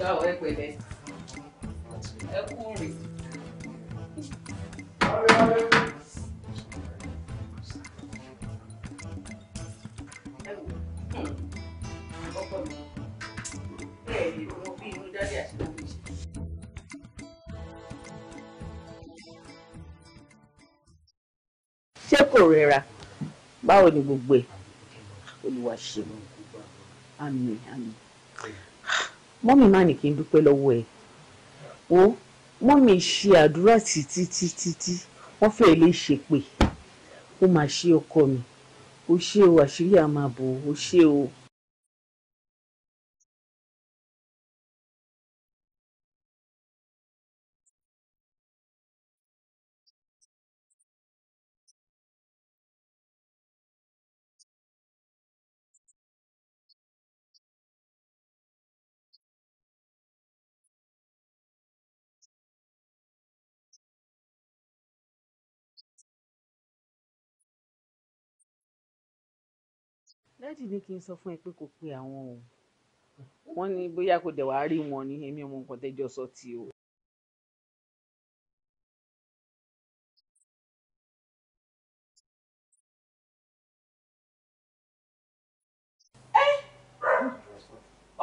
báwo ẹ pẹ̀lẹ́ ṣé kò rẹra báwo ni gbogbo ẹ olúwa ṣe mọ mọ́mì má ní kí n dúpẹ́ lọ́wọ́ ẹ̀ o mọ́mì ṣe àdúrà títí títí tí wọ́n fẹ́ lè ṣe pé ó máa ṣe ọkọ mi ó ṣe o àṣírí àmàbò ó ṣe o. dádì ní kí n sọ fún ẹ pé kò pe àwọn o wọ́n ní bóyá kò dẹ̀ wàá rí wọn ni èmi ọmọ nǹkan tẹ́jọ́ sọ ti o.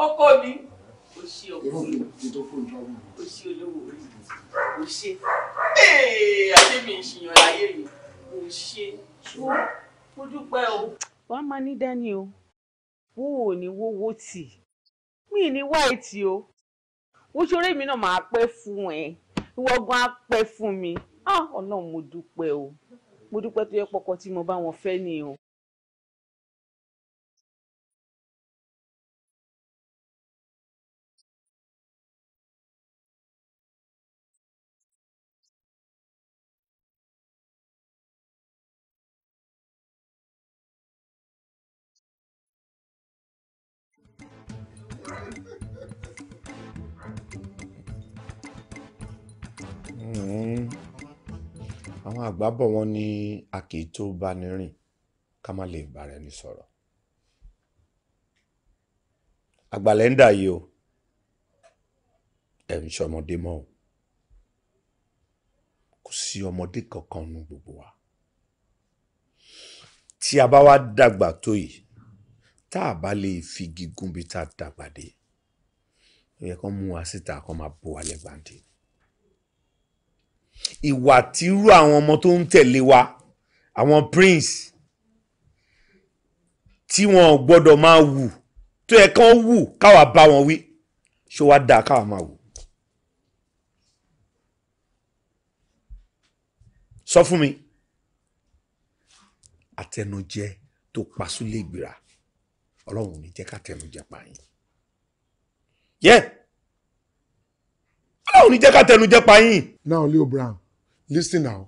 ọkọ mi kò ṣe ọkùnrin kò ṣe olówó orí kò ṣe ee àti mi láyé yìí kò ṣe mo dúpẹ́ o wàá ní dání o wúwo ní wówó tì mí ní wáìtì o wúṣọrẹ mi náà máa pẹ́ fún ẹ ìwọ gan á pẹ́ fún mi ah, Ọlọ́run mo dúpẹ́ o mo dúpẹ́ tó yẹ pọkọ tí mo bá wọn fẹ́ ni o Hmm. Àwọn àgbà bọ̀ wọ́n ní a kì í tó bá ni rìn ká má lè bára ẹni sọ̀rọ̀. Àgbàlẹ̀ yìí o, ẹ̀ ń mọ́ o. Kò sí ọmọdé kankan nu gbogbo wa. Tí a bá wá dàgbà tó yìí, tá a bá lè figi gúnbi tá a dàgbà dé ó yẹ kó mú wa síta kó máa bó wa lẹ́gbàǹdì. ìwà tírú àwọn ọmọ tó ń tẹ̀lé wa àwọn prince tí wọn gbọ́dọ̀ máa wù tó yẹ kán wù káwa bá wọn wí ṣó wá dáa káwa máa wù. sọ fún mi àtẹnujẹ tó pa súlẹ̀ ìgbéra ọlọ́run ò ní jẹ́ ká tẹnu jẹ pààyàn yẹ ọlọ́run ò ní jẹ́ ká tẹnu jẹ pààyàn. now Leo Brown listen now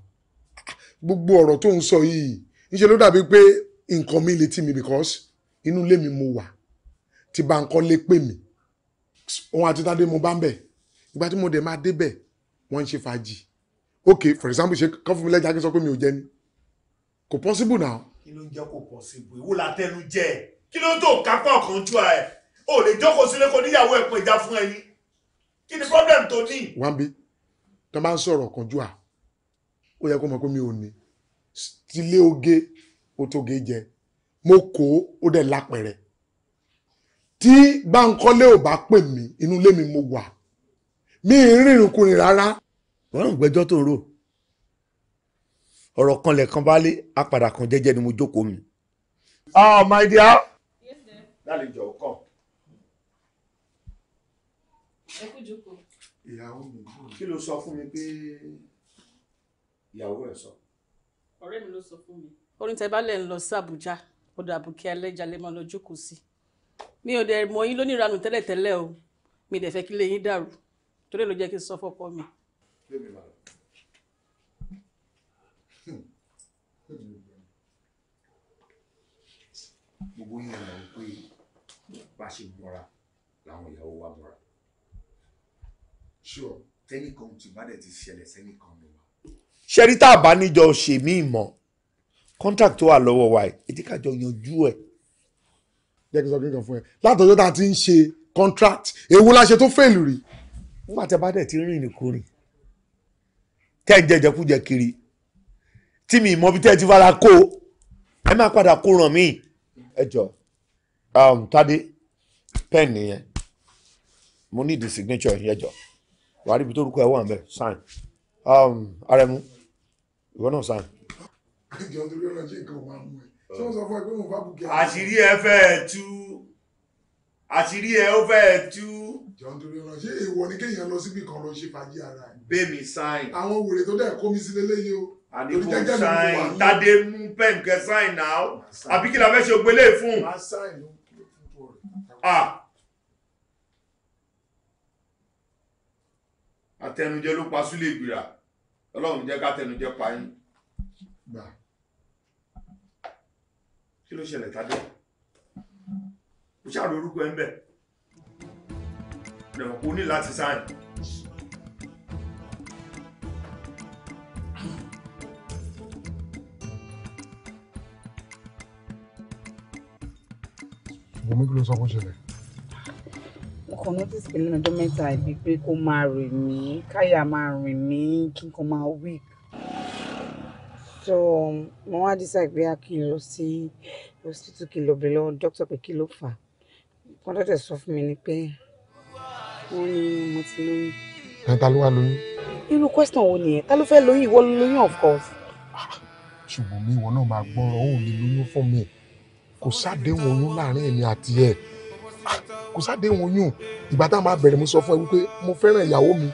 gbogbo ọ̀rọ̀ tó ń sọ yìí níṣẹ́ ló dàbí pé nǹkan mi létí mi because inú ilé mi mo wà tí Bankole pè mí òun àti Tádé mo bá ń bẹ̀ ìgbà tí mo dẹ̀ máa débẹ̀ wọ́n ń ṣe fàájì ok for example ṣe kọ́ fún mi lẹ́jà kí n sọ pé mi ò jẹ ni kò possible now. kí ló ń jẹ́ kó possible ìwúlà tẹnu jẹ́ ẹ̀ kí ló tó kápá ọkàn ju ẹ o lè jókòó sílé kó níyàwó ẹ pẹja fún ẹni kí ni problem tó ní. wọ́n bí tó bá ń sọ̀rọ̀ kan ju à ó yẹ kó mọ̀ pé mi ò ní tilé oge ó tóge jẹ mo kó ó dẹ̀ lápẹ̀rẹ̀ tí Bánkọ́lé ò bá pè mí inú ilé mi mo wà mi rìnrìn kùnrin rárá. wọ́n ń gbẹ́jọ́ tó rò ọ̀rọ̀ kan bá lé apàdà kan jẹ́jẹ́ ni mo jókòó mi. oh my dear lálejò ọkàn. ẹ kú jókòó. ìyàwó mi kí ló sọ fún mi pé ìyàwó ẹ sọ. ọ̀rẹ́ mi ló sọ fún mi. orin tẹ bá lẹ̀ ń lọ sí àbújá ọ̀dọ̀ àbùkẹ́ ẹlẹ́jà lè máa lọ jókòó sí mi ò dẹ̀ mọ̀ yín lóníranù tẹ́lẹ̀tẹ́lẹ̀ o mi dẹ̀ fẹ́ kí lè yín dàrú torí ló jẹ́ kí n sọ fọ́pọ́ mi. gbogbo yín ọ̀nà ń pè bá ṣe mọ́ra làwọn ìyàwó wa mọ́ra sure tẹ́nìkan tí bá dẹ̀ ti ṣẹlẹ̀ sẹ́nìkan ni wa. ṣẹ́rí tá a bá níjọ ṣe míì mọ́ contract tó wà lọ́wọ́ wa ẹ̀ ètí kájọ yanjú ẹ̀. jẹ́ kí n sọ kéèyàn fún ẹ látọjọ́ tá a ti ń ṣe contract èwo la ṣe tó fèlù rí nígbà tí a bá dẹ̀ ti rìn nìkúrìn tẹ́ ẹ̀ ń jẹjẹkújẹ kiri tí mi mọ bí tẹ́ ẹ ti fara kó ẹ máa padà kó ràn mí ẹ jọ um, Tádé. Um, pen yẹn mo need the signature yẹn jọ wàá rí ibi tó rúkọ ẹ wà ń bẹ sign um, Arẹ́mú ìwọ náà sign. ìjọ torí ọ̀nà ṣe nǹkan máa mú ẹ tí wọ́n sọ fún ẹ pé mo bá bùkẹ́. àṣírí ẹ fẹ́ẹ́ tú àṣírí ẹ ó fẹ́ẹ́ tú. ìjọ torí ọ̀nà ṣé èèwọ̀ ni kéèyàn lọ síbi kan lọ ṣe fàájì ara ẹ. bẹ́ẹ̀mi sign. àwọn wèrè tó dẹ̀ kó mi sílé léyìí o. àdínkù sign tade mú pen kẹ sign now? àbí kí la fẹ́ ṣe gbélé e fún. Ah. atẹnujẹ ló pa súlẹ̀ ìgbìrà ọlọ́run jẹ́ kátẹnujẹ pa yín gbà kí ló ṣẹlẹ̀ tàbí kò ṣáà lórúkọ ẹ̀ ń bẹ̀ lẹ̀mọ̀ kò ní láti sáyìn. Vamos incluso a José mo kàn notice pé nínú ọjọ́ mẹ́ta ìbí pé kó máa rìn mí káyà máa rìn mí kí n máa weak so mo wá decide pé a kì í lọ sí hospital kí n lọ bẹ̀rẹ̀ lọ́wọ́ doctor pé kí ló fà á kan tó tẹ̀ sọ fún mi ni pé wọ́n ní mo ti lóyún. ẹ ta ló wá lóyún. irú question wo nìyẹn ta ló fẹ́ lóyún ìwọ ló lóyún of course. ṣùgbọ́n mi ìwọ náà máa gbọ́ràn ó lè lóyún fún mi kò sáàdéhùn oyún láàrin èmi àti ẹ̀ kò sádéhùn oyún ìgbà tá a máa bẹ̀rẹ̀ mo sọ fún ẹ wípé mo fẹ́ràn ìyàwó mi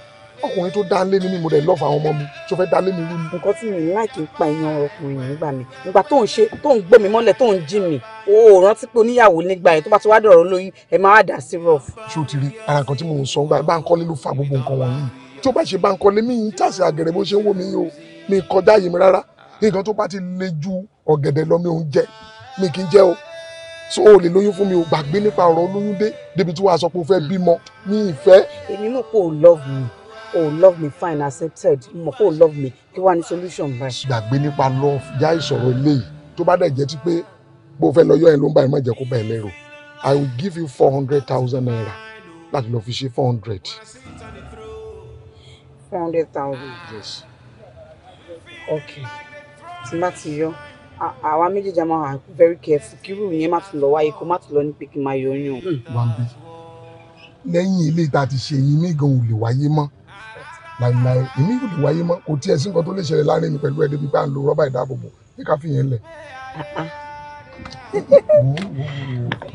ọkùnrin tó dá lé ní mi mo dẹ̀ lọ́ọ̀fù àwọn ọmọ mi tó fẹ́ dá lé mi rú ni. nǹkan tí mi láìkí ń pa ìyan ọkùnrin nígbà mi nígbà tó ń ṣe tó ń gbé mi mọ́lẹ̀ tó ń jí mi o ò rántí pé oníyàwó nígbà yẹn tó bá ti wá dọ̀rọ̀ lóyún ẹ máa wá dà sí rọ̀fù. ṣé o ti rí ara nǹkan tí mo ń sọ ń gbà bá ń kọ́lé ló fa gbogbo nǹkan wọ̀nyí tó bá ṣe bá ń kọ́lé mí ń tàṣe àgẹ̀rẹ̀ bó ṣe ń wò mí o mi kọjá yìí mi rárá nǹkan tó bá ti le ju ọ̀gẹ̀dẹ̀ lọ mi ò ń jẹ mi kì í jẹ o so o lè lóyún fún mi o gbàgbé nípa ọ̀rọ̀ olóyún dé débi tí wàá sọ pé o fẹ́ bímọ ní ìfẹ́. èmi mọ̀ pé o love me o love me fine accepted mọ̀ pé o love me kí wàá ní solution báyìí. gbàgbé nípa love já ìṣòro eléyìí tó bá dẹ̀ jẹ́ ti pé bó o fẹ́ lọ yọ ẹ̀ ló ń bá ẹ̀ má jẹ́ kó bá lẹ́rù i will give you four hundred thousand naira láti lọ fi ṣe four hundred. four hundred thousand. yes. okay tí n ti yọ àwa méjèèjì máa wà very careful kírú yẹn má tún lọ wáyé kó má tún lọ ní pé kí n máa yọyún o. wàǹbí hmm, lẹ́yìn ilé ìta ti ṣe yín mí gan ò lè wáyé mọ́ láìláì èmi ò lè wáyé mọ́ kò tiẹ̀ sí nǹkan tó lè ṣẹlẹ̀ láàrin mi pẹ̀lú ẹ̀dẹ́bí bá ń lo rọ́bà ìdáàbòbò ní ká fi yẹn lẹ̀.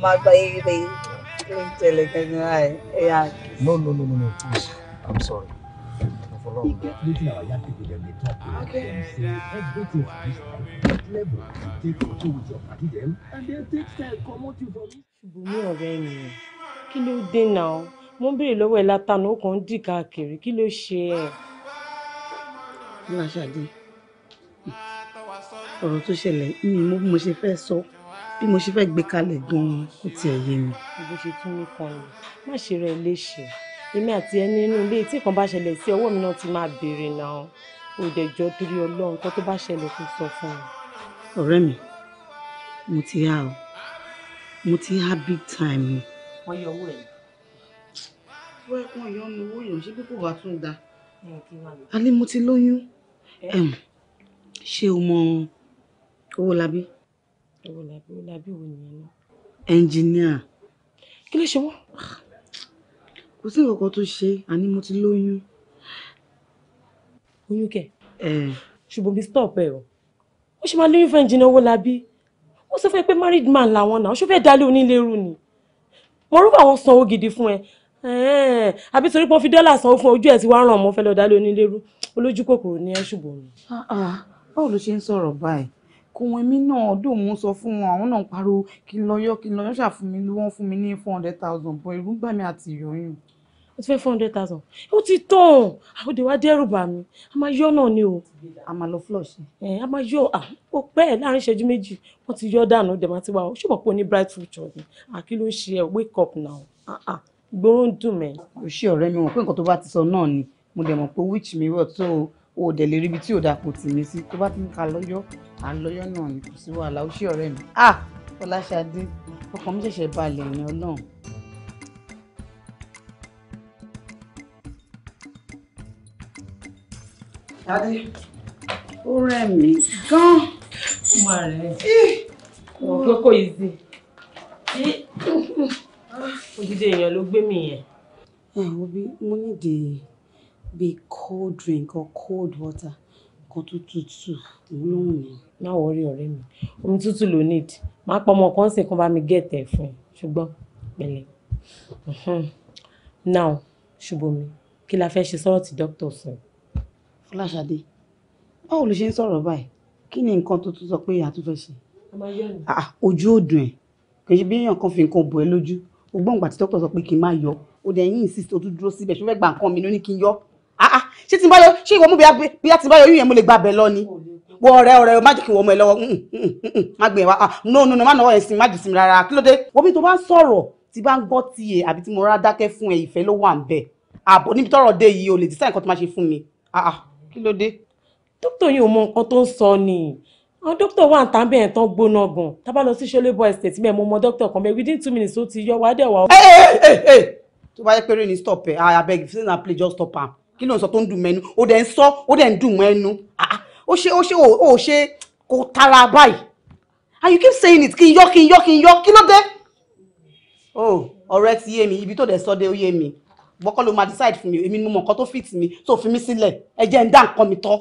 máa gba eré ló ń tẹ̀lé gẹ́gẹ́ báyìí. no no no no no please i'm sorry. You get meeting our young people, them they talk to them, them say everything for this life, level, you take photo with ṣùgbọ́n mi ọ̀rẹ́ mi kí ló dé náà mo ń béèrè lọ́wọ́ ẹ̀ látànà ó kàn ń dì káàkiri kí ló ṣe ẹ̀. Láṣàdé ọ̀rọ̀ tó ṣẹlẹ̀ mi mo bí mo ṣe fẹ́ sọ bí mo ṣe fẹ́ gbé kalẹ̀ gan-an kò tiẹ̀ yé mi. bó tún ń kan ọ má ṣe rẹ léṣe èmi àti ẹ nínú ilé tí nǹkan bá ṣẹlẹ̀ sí ọwọ́ mi náà ti máa béèrè náà ó dẹ̀ jọ torí ọlọ́run nǹkan tó bá ṣẹlẹ̀ kó sọ fún mi. ọ̀rẹ́ mi mo ti há o mo ti há big time ni. wọ́n yọ owó ẹ̀. wọ́n ẹ̀kan yọ ọ́nà owó yẹn ṣé pípọ̀ wá tún da. alẹ́ mo ti lóyún ṣé o mọ Owólabí. Owólabí Owólabí wo nìyẹn náà. ẹnjìníà. kí ló ṣe wọ́n. Ah kò sí nǹkan kan tó ṣe àní mo ti lóyún. oyún kẹ. ṣùgbọ́n bí stop ẹ o ó ṣe máa lóyún fún ẹnjìnà owó labí ó sọ fún ẹ pé married man làwọn náà ṣó fẹ́ẹ́ dálé onílérú ni mo rúbọ àwọn sanwó gidi fún ẹ àbí torí pé wọ́n fi dọ́là sanwó fún ojú ẹ̀ tí wàá ràn mọ́ fẹ́ lọ́ọ́ dálé onílérú olójú kòkòrò ní ẹ ṣùgbọ́n. Ah, ah. báwo ló ṣe ń sọ̀rọ̀ báyìí kò wọn èmi náà dùn mú sọ fún wọn àwọn náà pariwo kí n lọ yọ kí n lọ yọ ṣàfún mi fún mi ní four hundred thousand bọ irú gbà mí àti ìyọyún ó ti fẹ́ four hundred thousand ó ti tán àwọn òde wa dẹ́rù bà mí a máa yọ náà ni o. a máa lọ flush. ẹ a máa yọ ah, ó pẹ́ ẹ̀ láàrin ìṣẹ́jú méjì wọ́n ti yọ dànù dẹ̀ máa ti wá o ṣùgbọ́n pé o ní bright future ni àkí ló ń ṣe ẹ wake up now ah, ah, gbóró ń dùn mẹ́. o ṣe ọ̀rẹ́ mi mọ̀ pé nǹkan tó bá ti sọ náà ni mo dẹ̀ mọ̀ pé which mirror tó o dẹ̀ lè ríbi tí ò dà kò tì mí sí tó bá ti ń ka lọ́yọ́ à ń lọ́yọ́ náà ni kò sí wàhálà o ṣe ọ̀rẹ́ mi. ah Fọláṣadé ọkàn mi ṣẹ̀ṣẹ̀ balẹ̀ ní Ọlọ́run Tádé. Ó rẹ̀ mí gan. Ó máa rẹ̀ ẹ́. Ọ̀gbẹ́ kò yí sí. Odidi èèyàn ló gbé mi yẹn. Ẹ mo nídìí bíi cold drink or cold water kan tó tútù ló wù mí. Má wọrí ọ̀rẹ́ mi, omi tútù ló need. Má pọ̀ ọmọ kan sì kan bá mi gẹ̀tẹ̀ fún ẹ ṣùgbọ́n pẹ̀lẹ́. Now ṣùgbọ́n mi kí la fẹ́ ṣe sọ́rọ̀ tí dókítà sọ? Fọláṣadé báwo ló ṣe ń sọ̀rọ̀ báyìí kí ni nǹkan tó tún sọ pé a tún fẹ́ ṣe. Ah, ojú ò dùn ẹ̀ kì í ṣe bí èèyàn kan fi nǹkan bò ẹ́ lójú o gbọ́n ìgbà tí dókítà sọ pé kí n má yọ o dẹ̀ yín insist o tún dúró síbẹ̀ ṣé o fẹ́ gba nǹkan mi ló ní kí n yọ. Ah, ah, ṣé tí n bá yọ ṣé ìwọ mú bíyà tí n bá yọ yíyan mo lè gba abẹ lọ ni wọ ọ̀rẹ́ ọ̀rẹ́ o má jẹ́ kí n wọ ọmọ ẹ lọ́wọ́ mm, mm, mm, má gbìyànjú e wa no no no má nọwọ ẹ sin má jù sí mi rárá kí ló dé. wọ́n mi tó bá ń sọ̀rọ̀ tí bá ń gbọ́ tiẹ̀ àbí tí mo rá dákẹ́ fún ẹ ìfẹ́ ló wà ń bẹ̀ àbọ̀ níbi tọ́rọ̀ dé yìí o lè dísà nǹkan tó má ṣe fún mi kí ló dé dókítà yìí ò mọ nǹkan tó ń sọ ni àwọn dókítà wà ń tà bẹ́ẹ̀ tán gbóná gan tá bá lọ sí ṣọlẹ́bọ̀ estate bẹ́ẹ̀ mo mọ dókítà kan bẹ́ẹ̀ within two minutes ó ti yọ wá dẹ̀ wá. tó bá yẹ pé rain stop ẹ abeg if you na play just stop am kí ló ń sọ tó ń dùn mẹ́nu ó dẹ̀ ń sọ ó dẹ̀ ń dùn mẹ́nu ah, ah, ó ṣe ó ṣe ó ṣe kò tara báyìí and you keep saying it kí n yọ kí n yọ kí n yọ kí ló dé. o oh, ọ̀rẹ́ ti yé mi ibi tó dẹ̀ sọ dé ó yé mi wọ́kọ́ ló máa decide fún mi èmi ni mo mọ̀ nǹkan tó fit mi tó fi mí sílẹ̀ ẹ jẹ́ ń dá nǹkan mi tọ́.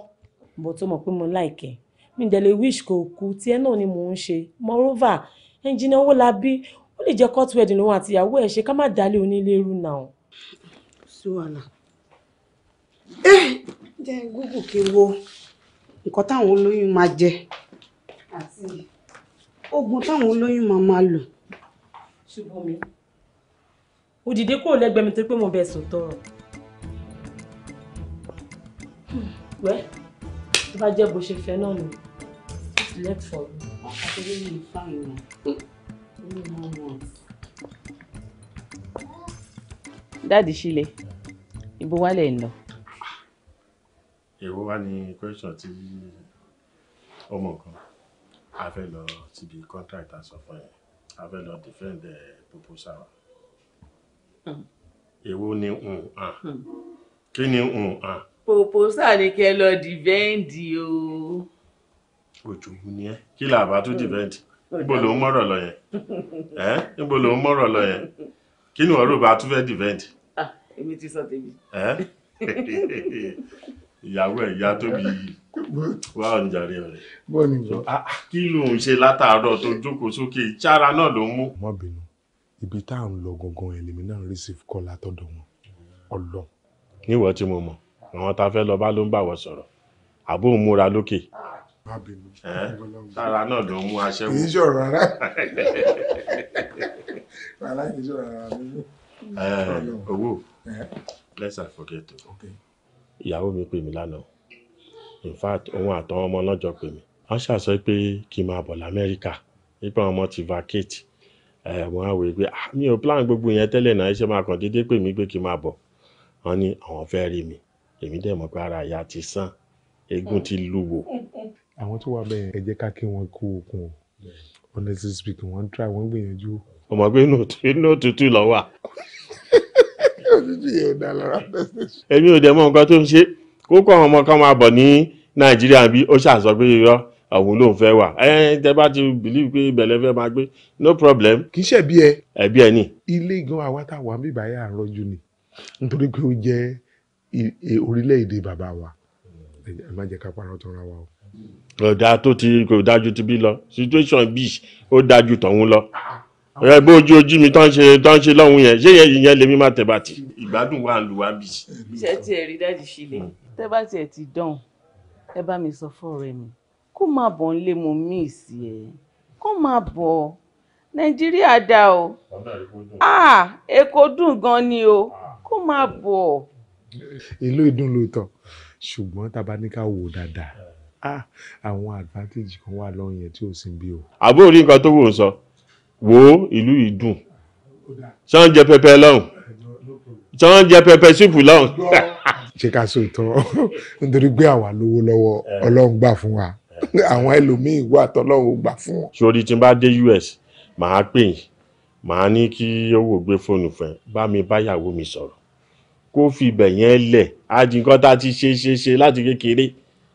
bó tó mọ̀ pé mo láìkẹ́ mi dẹ̀ lè wish kò kú tiẹ̀ náà ni mò ń ṣe moreover ẹnjìnà owó la bí ó lè jẹ́ court wedding lòun àti ìyàwó ẹ̀ ṣe ká má dálé onílé rú náà. sí wàhálà ẹ eh, jẹ́ gúgù kí n wo nǹkan táwọn olóyún máa jẹ àti oògùn táwọn olóyún máa máa lò. ṣùgbọ́n mi o dìde kúrò lẹ́gbẹ̀ẹ́ mi torí pé mo bẹ̀ sùn tọrọ wẹ́ tó bá jẹ́ bó ṣe fẹ́ náà nù select for me. àtẹ̀lé mi fà yìí wọ̀ dáàdì sílẹ̀ ibo wálẹ̀ ń lọ. èwo wá ní question tí ọmọ kan a fẹ́ lọ síbi contract a sọ fún ẹ a fẹ́ lọ defend eh, proposal wa. Hmm. èwo ni nǹkan hmm. kí ni nǹkan. pòpòsà ni kẹ́ lọ dìvẹ́ǹdì o. òjòwú ni ẹ kí là bá tún hmm. dìvẹ́ǹdì níbo ló ń mọ̀rọ̀ lọ yẹn ẹ níbo ló ń mọ̀rọ̀ lọ yẹn kí ni ọ̀rọ̀ bá tún fẹ́ dìvẹ́ǹdì. èmi ti sọ tèmi. ìyàwó ẹ̀ ìyá tóbi yìí wá ọ̀njàre rẹ̀ ah, kí ló ń ṣe látàárọ̀ tó jókòó sókè ìṣára náà ló ń mú ibi tá à ń lọ gangan ẹlẹ́mi náà receive call látọ̀dọ̀ wọn ọlọ. níwọ tí mo mọ àwọn tá a fẹ́ lọ bá ló ń bá wọ sọ̀rọ̀ àbó ń múra lókè. tára náà ló ń mú aṣẹ́wó. kì í ṣòro rárá rárá kì í ṣòro rárá. owó let's not forget o ìyàwó mi pè mí lánàá in fact òun àtàwọn ọmọ náà jọ pè mí wọ́n ṣàṣọ pé kí n máa bọ̀ lamẹ́ríkà nípa ọmọ ti vacate ẹ̀ wọ́n á wòye pé ah, mi ò plan gbogbo yẹn tẹ́lẹ̀ náà ṣe máa kàn déédéé pè mí pé kí n máa bọ̀ wọ́n ní àwọn fẹ́ rí mi èmi dẹ̀ mọ̀ pé ara ìyá ti sàn eégún ti lúwo. àwọn tó wà bẹ́ẹ̀ ẹ jẹ́ ká kí wọn kú okun o honestly speaking wọ́n ń try wọ́n gbìyànjú. ọmọ pé inú òtútù lọ wà. èmi ò dẹ̀ mọ̀ nǹkan tó ń ṣe kókó àwọn ọmọ kan máa bọ̀ ní nàìjíríà bí ó ṣàṣọ pé irọ́ àwọn olóhùn fẹ́ wà ẹ tẹ bá ti believe pé ibẹ̀ lẹ́fẹ́ máa gbé no problem. kì í ṣe ẹbí ẹ. ẹbí ẹ ni. ilé gan àwa tá a wà níbà yà á rọjú ni nítorí pé ó jẹ́ orílẹ̀-èdè bàbá wa ẹ má jẹ́ ká parọ́ tán ra wa o. ọ̀dà tó ti kò dájú ti bí lọ situation beach ó dájú tọ̀hún lọ ẹ bó ojú ojú mi tán ṣe tán ṣe lọ́hùn yẹn ṣé yẹn yẹn lèmi máa tẹ̀ bá ti. ìgbádùn wa ń lu wa bí. iṣẹ́ tí ẹ rí dájú sílẹ̀ tẹ́ bá tiẹ̀ ti dán ẹ bá mi sọ fún ọ̀rẹ́ mi kó máa bọ̀ nílé mo míìsì ẹ̀ kó máa bọ̀ nàìjíríà dá o ah èkó dùn gan ni o ah. kó máa bọ̀. ìlú ìdùn lóòótọ́ ṣùgbọ́n tá a bá ní ká wò dáadáa ah àwọn advantage kan wà lọ́rùn yẹn tí ò sí bí o. àbó orí nǹkan tó wò ó sọ wo ìlú ìdùn ṣé wọ́n jẹ pẹpẹ lọ́hùn ṣé wọ́n jẹ pẹpẹ ṣùpù lọ́hùn. ṣé ká sòótọ́ nítorí pé àwa lówó lọ́wọ́ eh. ọlọ́run gbà fún wa àwọn ẹlòmíín wà tọ́lọ́run gbà fún wọn. sórí tí n bá dé US màá pè yín màá ní kí owó gbé fóònù fún ẹ bá mi báyàwó mi sọ̀rọ̀ kó fi ibẹ̀ yẹn lẹ̀ àjì nǹkan tá a ti ṣe ṣe ṣe láti kékeré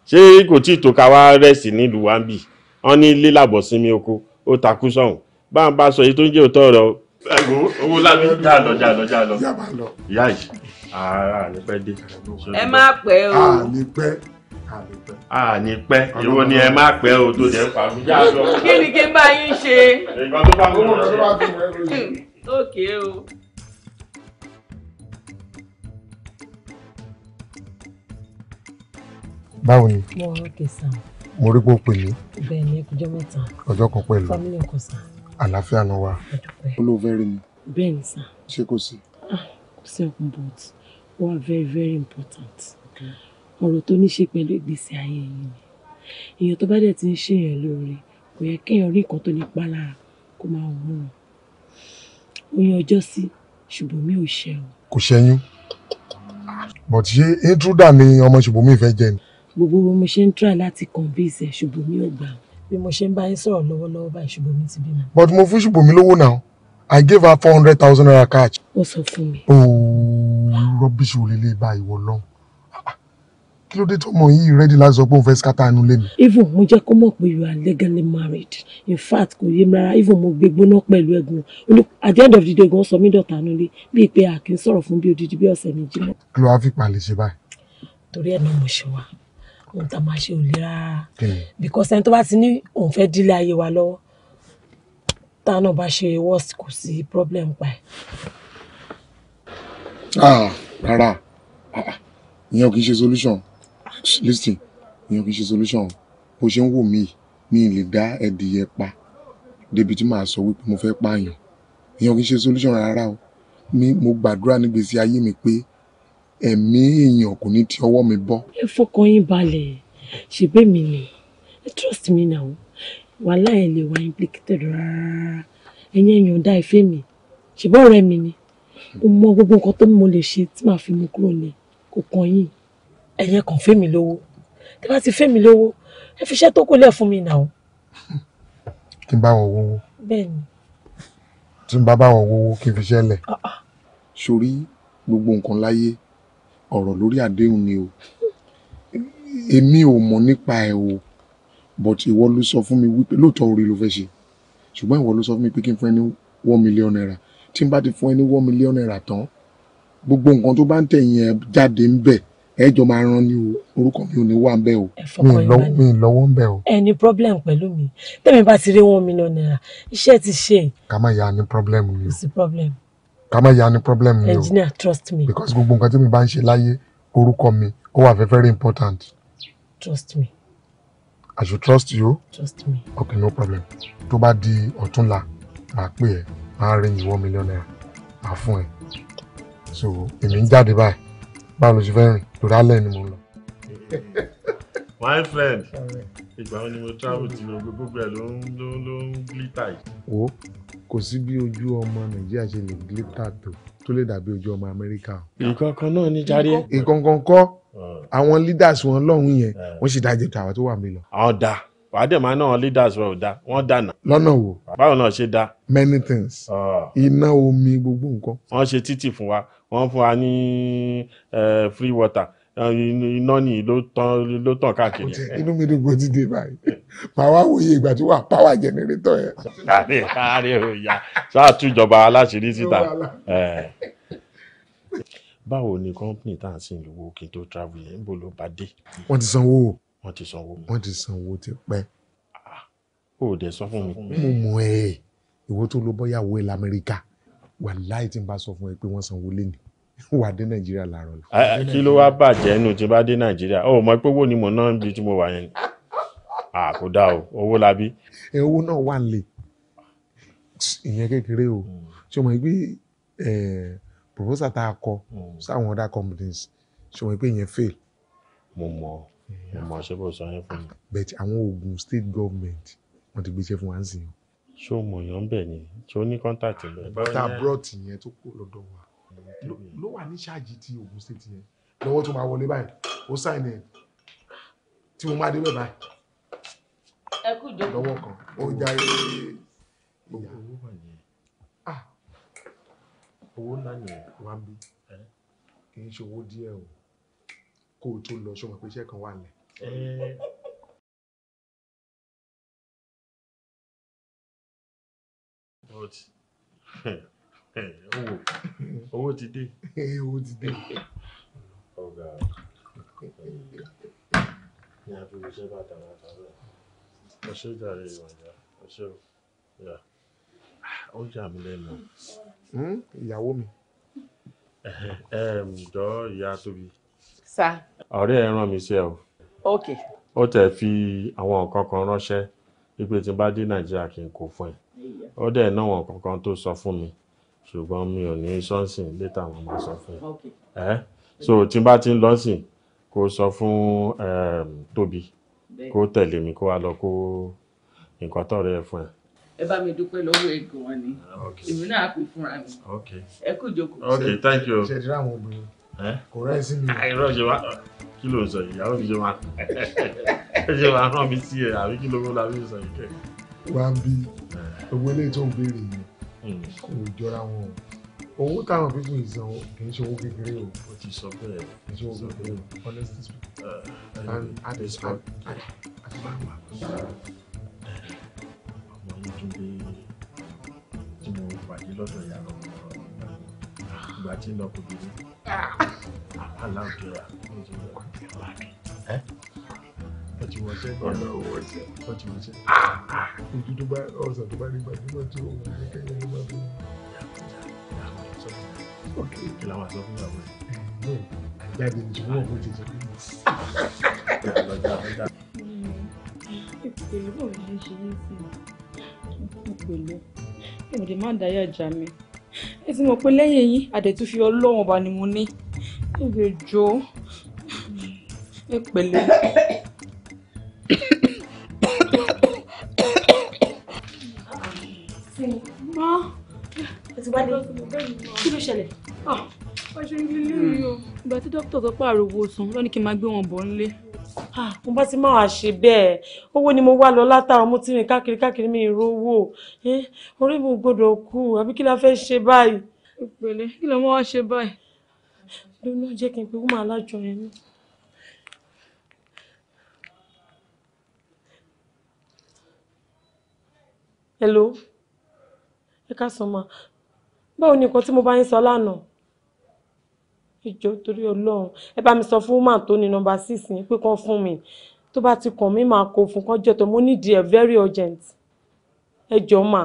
ṣé kò tí ì tó ká wá rẹ̀sì nílùú wa ń bì wọ́n ní ilé làbọ̀ sinmi oko ó takú sọ̀hún bá ń bá sọ èyí tó ń jẹ́ òótọ́ ọ̀rọ̀ ẹ̀gbọ́n owó lábí já lọ já lọ já lọ ìyá yìí ara ní pẹ́ dé. ẹ má pẹ́ o. àní pẹ́ a ní pẹ́ ìwọ ni ẹ má pẹ́ o tó jẹ́ pàmò já kí ni kí n bá yín ṣe. ìgbà tó bá wọ́n ṣe. òkè o. báwo ni. mo rò kè mo rí pé pè mí. ọjọ́ kan pẹ̀lú. àlàáfíà náà wà. olóòfẹ́ rí ni ṣé kò sí. Ah, kò sí ọkùnrin but one very very important. Okay ọ̀rọ̀ tó ní ṣe pẹ̀lú ìgbésí ayé yìí ni èèyàn tó bá dẹ̀ ti ń ṣe èèyàn lóore kò yẹ kéèyàn rí nǹkan tó nípa lára kó máa wù ú oyin ọjọ́ sí ṣùgbọ́n mi ò ṣe o. kò ṣẹyún but ṣé intruder ni ọmọ ṣùgbọ́n mi fẹ́ jẹ ni. gbogbo bí mo ṣe ń try láti convince ẹ ṣùgbọ́n mi ò gbà bí mo ṣe ń bá yín sọ̀rọ̀ lọ́wọ́lọ́wọ́ báyìí ṣùgbọ́n mi ti bímọ. but mo fún ṣùgbọ́n mi lówó náà I gave her four hundred thousand naira cash. ó sọ fún mi. ooo rọ́bìṣì ò lè lè bá ìwọ lọ́hùn kí ló dé tó ọmọ yìí rẹ́dí láti sọ pé òun fẹ́ skata inú lé mi. even mo jẹ́ kó mọ̀ pé you are legally married in fact kò yé mi rárá even mo gbé gbóná pẹ̀lú ẹ̀gbọ́n at the end of the day gan sọ mí dọ̀tà inú lé bíi pé a kì í sọ̀rọ̀ fún bí odidi bí ọ̀sẹ̀ méjì lọ. kí ló wá fi pàlè ṣe báyìí. torí ẹ̀ náà mo ṣe wá ohun tá a máa ṣe ò le rárá because ẹni tó bá ti ní òun fẹ́ dílé ayé wa lọ́wọ́ táwọn náà bá ṣe worst problem ah rárá ah, ìyẹn ò kì í ṣe solution listen ìyẹn kì í ṣe solution bó ṣe ń wò mí mi lè dá ẹdìyẹ pa débi tí màá sọ wípé mo fẹ́ pààyàn ìyẹn kì í ṣe solution rárá o mi mo gbàdúrà nígbèsí ayé mi pé ẹ̀mí èèyàn kò ní ti ọwọ́ mi bọ́. ẹ fọkàn yín balẹ̀ ṣègbè mi ni ẹ trust me now wàhálà ẹ lè wá implicated rárá ẹ̀yin èèyàn dá ìfẹ́ mi ṣèbọ̀ ọ̀rẹ́ mi ni mo mọ gbogbo nǹkan tó mo lè ṣe tí màá fi mú kúrò ní kò kàn yín ẹ̀yẹ kàn fẹ́mi lówó tí bá ti fẹ́mi lówó ẹ fi iṣẹ́ tó kù lẹ̀ fún mi nà ó. kí n bá wọ̀ wọ́wọ́. bẹ́ẹ̀ni. tí n bá bá wọ̀ wọ́wọ́ kí n fi iṣẹ́ lẹ̀. Ah, ah. sórí gbogbo nǹkan láyé ọ̀rọ̀ lórí àdéhùn ni o èmi ò mọ̀ nípa ẹ̀ o but ìwọ ló sọ fún mi wípé lóòótọ́ orí ló fẹ́ ṣe ṣùgbọ́n ìwọ ló sọ fún mi pé kí n fún ẹ ní one million naira tí n bá ti fún ẹ ní one million naira tán gbogbo nǹkan tó bá ń tẹ̀yìn ẹ jáde ń bẹ̀ ẹ jọ máa ran ni o orúkọ mi ò ní wà ńbẹ̀ o mi lọ́wọ́ mi lọ́wọ́ o. ẹ problem pẹ̀lú mi tẹ́mi bá ti rí one million naira iṣẹ́ ti ṣe. ká má yà á ní problem mi o. kò sí problem. ká má yà á ní problem mi o. engineer trust me. because gbogbo nǹkan tí mi bá ń ṣe láyé orúkọ mi ó wà very very important. trust me. I should trust you. trust me. okay no problem tó bá di ọ̀túnla màá pè ẹ́ màá rìn ìwọ mílíọ̀nù náírà màá fún so èmi ń jáde báyìí báwo ló ṣe fẹ́ rìn torí alẹ́ ni mo lọ. my friend ìgbà wo ni mo travel ti lo gbogbo ẹ ló ń ló ń ló ń glitter yìí. wo kò sí bí ojú ọmọ nàìjíríà ṣe lè glitter tó tó lè dàbí ojú ọmọ amẹ́ríkà. ìkọ̀ọ̀kan náà ní jáde. ìkọ̀ọ̀kan kọ́ ah. àwọn leaders wọn lọ́hùn yẹn ah. wọ́n ṣe dájú tàwa tó wà mí lọ. àwọn dáa wàdìmọ̀ náà leaders wọ̀ da wọ́n dànà. lọ́nà wo. báwo náà ṣe da. many things. Ah. iná omi gbogbo nǹkan. wọ́n ṣe títì fún wa wọ́n fún wa ní free water iná ni ló tàn ló tàn káàkiri. inú mi dùn gbòdì dé báyìí màá wá wòye ìgbà tí wà pàwà jẹnẹrétọ yẹn. káre káre òòyà ṣáà tújọba aláṣìírí síta. báwo ni kọ́ńpìnì tá à ń sìn lówó kí n tó travel yẹn níbo ló bá dé. wọ́n ti sanwó o. wọ́n ti sanwó. wọ́n ti sanwó ti pẹ́. o ò dẹ̀ sọ fún mi. mo mọ ẹ ìwọ tó ló bọ́yàwó ẹ lamẹ́ríkà wàláì tí n bá sọ fún ẹ pé wọ́n sanwó lé wà dé nàìjíríà làárọ̀ la. kí ló wá bàjẹ́ nù tí bá dé nàìjíríà ó mọ pé owó ni mò ń ná bí tí mo wà yẹn kò dáa o owó la bí. ẹ owó náà wà lè ìyẹn kékeré o hmm. ṣe mọ̀ pé proposal tá a kọ hmm. sáwọn other companies ṣe mọ̀ pé ìyẹn fail. mo mọ mo mọ ṣé bó sọ yẹn fún mi. but àwọn Ogun state government wọn ti gbéṣẹ́ fún wa ń sìn. ṣé o mọ̀ yàn bẹ́ẹ̀ ni ṣé o ní kọ́ńtàtì bẹ́ẹ̀. bàtà brought ìyẹn tó kú lọ́dọ̀ wa ló wà ní ṣáàjì ti Ogun State yẹn lọ́wọ́ tó máa wọlé báyìí ó sáìn ẹ̀ tí mo máa dé bẹ́ẹ̀ báyìí. ẹ kú ìjọba lọ́wọ́ kan ó já ìyá. Ah! owó ńlá yẹn wá ń bí kì í ṣe owó díẹ̀ o kó o tó lọ sọmọ pé iṣẹ́ kan wà lẹ̀. but owó owó ti dé. owó ti dé. ọ̀gá ní abúlé iṣẹ́ bàtà bàtà náà ọṣẹ́ ìdàrẹ́ ìwọ̀nyá ọṣẹ́ ìyá ó jà mí lẹ́nu. Hmm? ìyàwó mi. jọ ìyá tóbi. sá. ọ̀rẹ́ ẹ rán mi sí ẹ o. ok. ó tẹ̀ fi àwọn nǹkan kan ránṣẹ́ wípé tí n bá dé nàìjíríà kí n kó fún ẹ ó dẹ̀ náwọn nǹkan kan tó sọ fún mi ṣùgbọ́n mi ò ní sọ́nsìn létà wọn máa sọ fún ẹ so tí n bá ti ń lọ sìn kó sọ fún ehm, Tóbi kó tẹ̀lé mi kó wá lọ kó nǹkan tọrẹ ẹ fún ẹ. ẹ bá mi dúpẹ́ lọ́wọ́ ẹ̀gàn wọn ni èmi náà pè fúnra mi ẹ kú ìjókòó. ok thank you. ṣe ìdílé àwọn obìnrin kò rẹ́ sí mi. àìrọ̀ ṣe wá kí ló ń sọ yìí ìyàwó mi ṣe máa ṣe máa rán mi sí ẹ àbí kí ló ń lọ àbí sọ yìí kẹ. wá bí owó ilé tó ń béèrè yìí kò jọra wọn owó táwọn pípín ìsan o kì í ṣe owó kékeré o. o ti sọ bẹ́ẹ̀ kì í ṣe owó kékeré o honestly speaking. and and and àti bá wà. ọmọ Yétúndé tí mo pàdé lọ́dọ̀ ìyá lọ ìgbà tí ń lọ kò dé. àlá òkè rà ló ọtí wọn jẹ ọ̀nà owó jẹ ọtí wọn jẹ ojú tó bá ọ̀sán tó bá rí gbàdúrà tí ó wà ní kẹ́yìn ló máa bí wọn. kí làwọn àṣọ fún ìyàwó rẹ. jáde ní ṣùgbọ́n òun ti sọ fún mi. ìpèlè bò ní ṣe ṣe ní sí ìpèlè ìpèlè má dáyà já mi ẹ ti mọ̀ pé lẹ́yìn yín àdẹ̀tú fi ọlọ́wọ̀n bá ni mo ní ìgbèjọ́ ìpèlè. ti wá dé kí ló ṣẹlẹ̀. ọṣẹ ilé mi o ìgbà tí dókítà sọ pé àròwọ sùn ló ní kí n máa gbé wọn bọ̀ nílé. Ah, mo bá ti máa ṣe bẹ́ẹ̀ owó ni mo wá lọ látàrọ mo ti rìn káàkiri káàkiri mi ìrówó eh, orí mi gbọ́dọ̀ kú àbí kí la fẹ́ ṣe báyìí. ìpele kí ló mọ wá ṣe báyìí. lónà jẹ́ kí n pe wúmọ̀ alájọ yẹn náà. hello ẹ ká sọ ma báwo ni nǹkan tí mo bá yín sọ lánàá ìjọ torí Ọlọ́run ẹ bá mi sọ fún woman tó ní nọ́mbà six yẹn pé kán fún mi tó bá ti kàn mí máa kó fún kán jọtọ mo nídìí ẹ very urgent ẹ jọ mà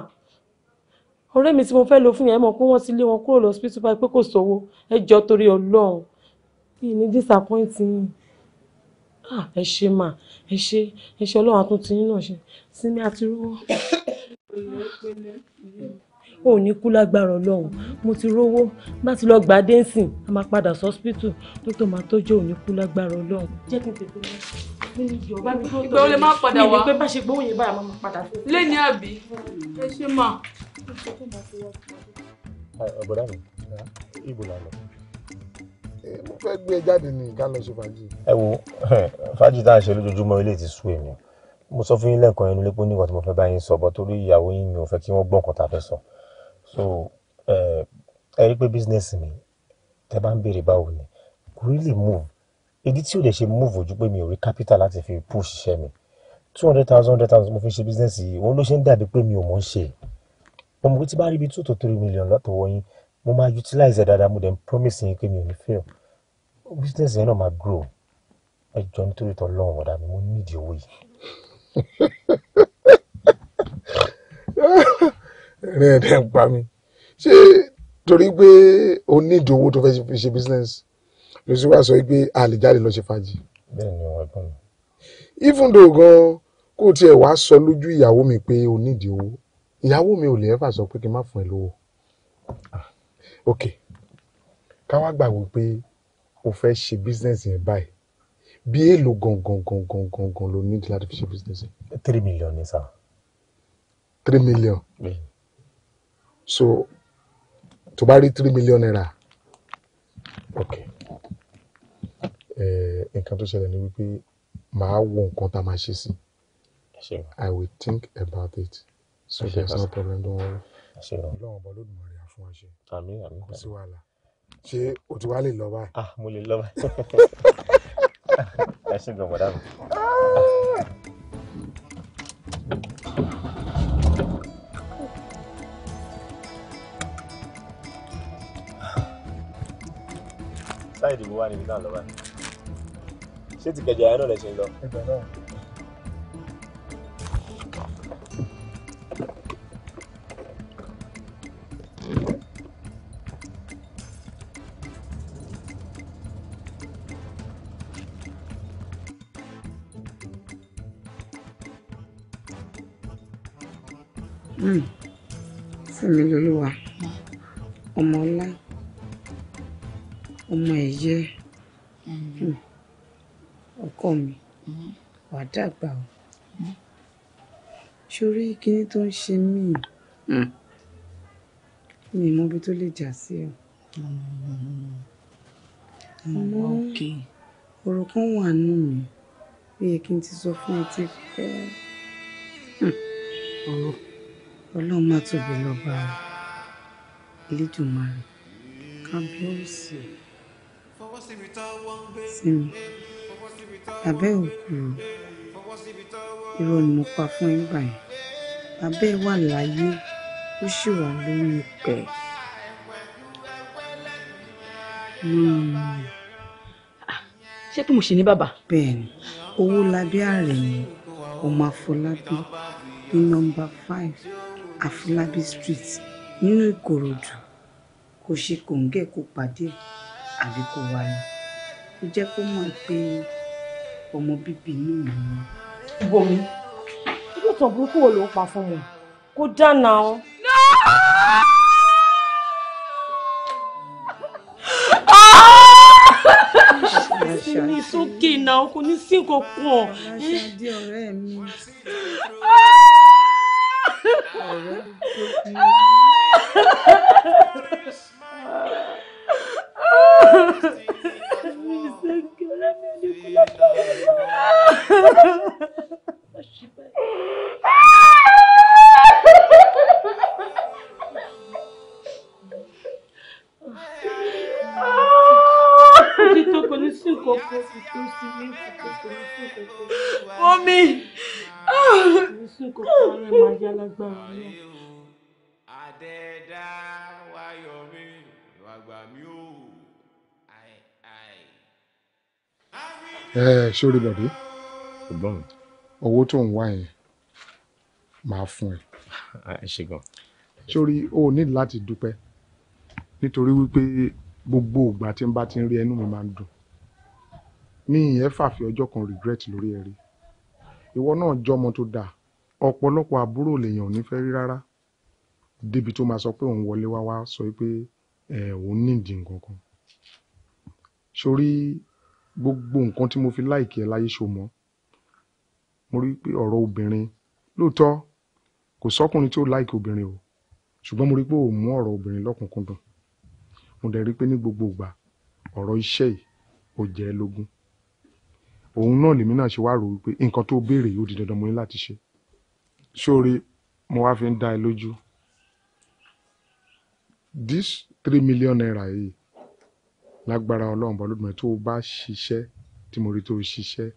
ọ̀rẹ́ mi tí mo fẹ́ lọ fún yẹn ẹ mọ̀ pé wọ́n ti lé wọn kúrò lọ hospital báyìí pé kò sówó ẹ jọ torí Ọlọ́run mi ní disappoint yín ah, ẹ ṣe mà ẹ ṣe ẹ ṣe Ọlọ́run àtúntì yín náà ṣe sinmi àti rúwọ́. ò ní kú lágbára ọlọ́run mo ti rówó bá ti lọ gbà á dẹ́sìn a máa padà sọ́spítù dókítà máa tọ́jú ò kú lágbára ọlọ́run. jẹ́ kí n tètè lọ ìgbà olè má padà wá pé bá ṣe gbóhùn yẹn báyà máa padà sí. lẹ́ni àbí ẹ ṣe máa. ọ̀gbọ̀dá mi ibo la lọ. mo fẹ́ gbé e jáde ní ìka lọ sí fàájì. ẹ wo fàájì tá à ṣe lójoojúmọ́ ilé ti sú èmi mo sọ fún yín lẹ́ẹ̀kan ẹnu lépo nígbà tí mo fẹ́ bá yín sọ bọ́ torí ìyàwó yín mi ò fẹ́ kí wọ́n gbọ́n kan tá sọ so ẹ pé business mi tẹ bá ń béèrè báwo ni really move ìdí tí ò lè ṣe move ojú pé mi ò rí capital láti fi push iṣẹ́ mi two hundred thousand hundred thousand mo fi ṣe business yìí òun ló ṣe ń dàbí pé mi ò mọ̀ ń ṣe ọmọ pé tí bá rí ibi two to three million látọwọ́ yín mo máa utilize ẹ̀ dáadáa mo dẹ̀ promise yín pé mi ò ní fail business yẹn náà máa grow ẹ jọ nítorí tọ́ lọ́wọ́ ọ̀dà mi mo nídìí owó yìí. ẹ̀rín ẹ̀dẹ̀ ń pa mi ṣé torí pé o ní ìdòwò tó fẹ́ fi ṣe business ló sì wá sọ pé a lè jáde lọ ṣe fàájì. bẹ́ẹ̀ ni wọ́n gbọ́n mi. even though gan kó tiẹ̀ wá sọ lójú ìyàwó mi pé o ní ìdòwò ìyàwó mi ò lè ẹ́fà sọ pé kí n má fún ẹ lówó. Ah, ok ká wá gbà wípé o fẹ́ ṣe business yẹn báyìí bí èèlò gangan gangan gangan ló ní láti fi ṣe business yẹn. three million ni sá. three million. bẹ́ẹ̀ so tó bá rí three million naira ok eh, nǹkan tó ṣẹlẹ̀ ni wípé màá wo nǹkan tá a máa ṣe sí i will think about it so there is no problem don't worry ọlọ́run ọba olódùmarè á fún wa ṣe kò sí wàhálà ṣé o ti wá lè lọ báyìí. ah mo lè lọ báyìí ẹ ṣe gbọ̀ngbọ̀n dáàbò. sáyé ìdìbò wà níbi táwọn lọ́wọ́ ṣé ti kẹjọ àyẹ̀nà lẹ́sẹ̀ lọ. Hmm. Fúnmi lolúwa ọmọ ọlá ọmọ ẹ yẹ mm-hmm. hmm. ọkọ mi mm-hmm. wàá dàgbà o sórí kinní tó ń ṣe mí hmm. mi mọ ibi tó lè jà sí ọ ọmọ mm-hmm. ọ̀rọ̀ kan wà nù mí ó yẹ kí n ti sọ fún ẹ ti pẹ́ hmm. ọ̀rọ̀ má tóbi lọba Elédùmarè kábíyèsí sí mi abẹ́ òkú irọ́ ni mo pa fún ìgbà yẹn abẹ́ wà láyé ó sì wà lórí ìpẹ́. Hmm. Ah, ṣé pé mo ṣì ní bàbá. bẹ́ẹ̀ni owó labẹ àrẹ̀yìn ọmọ Afọlábí ní nọ́mbà five Afọlábí street nínú Ìkòròdú kò ṣe kòǹgẹ́ kó pàdé ẹ̀ àbí kó wáyé kò jẹ́ kó mọ̀ pé ọmọ bíbí inú mi ni. Bomi yóò tọ̀ burúkú wo ló pa fún mi kó dáná o. sí ní sókè náà kò ní sí nǹkan ọ. Ṣadé ọ̀rẹ́ mi. ọ̀rẹ́ tó kú àdẹ́dá wáyọ̀ ẹ sórí bọ̀dé owó tó ń wá yẹn máa fún ẹ sórí o ní láti dúpẹ́ nítorí wípé gbogbo ìgbà tí n bá ti ń rí ẹnu mi máa ń dùn ní ìyẹn fàfi ọjọ́ kan regret lórí ẹ̀rí ìwọ náà jọmọ tó dáa ọ̀pọ̀lọpọ̀ àbúrò lèèyàn ò ní fẹ́ rí rárá débi tó máa sọ pé òun wọlé wá wá sọ pé òun nídìí nǹkan kan sórí gbogbo nǹkan tí mo fi láìkí ẹ láyé ṣo mọ́ mo rí pé ọ̀rọ̀ obìnrin lóòótọ́ kò sọ́kùnrin tí ó láìkí obìnrin o ṣùgbọ́n mo rí pé ò mú ọ̀rọ̀ obìnrin lọ́kùnkúndùn mo dẹ̀ rí pé ní gbogbo ìgbà ọ̀rọ̀ iṣẹ́ yìí ó jẹ́ ẹ lógún òun náà lèmi náà ṣe wá rò wípé nǹkan tó béèrè yóò di dandan mo ní láti ṣe sórí mo wá fi ń dá ẹ lójú this three million naira yìí lágbára ọlọ́run bọ́ lódùmarè tó o bá ṣiṣẹ́ tí mo rí tó o ṣiṣẹ́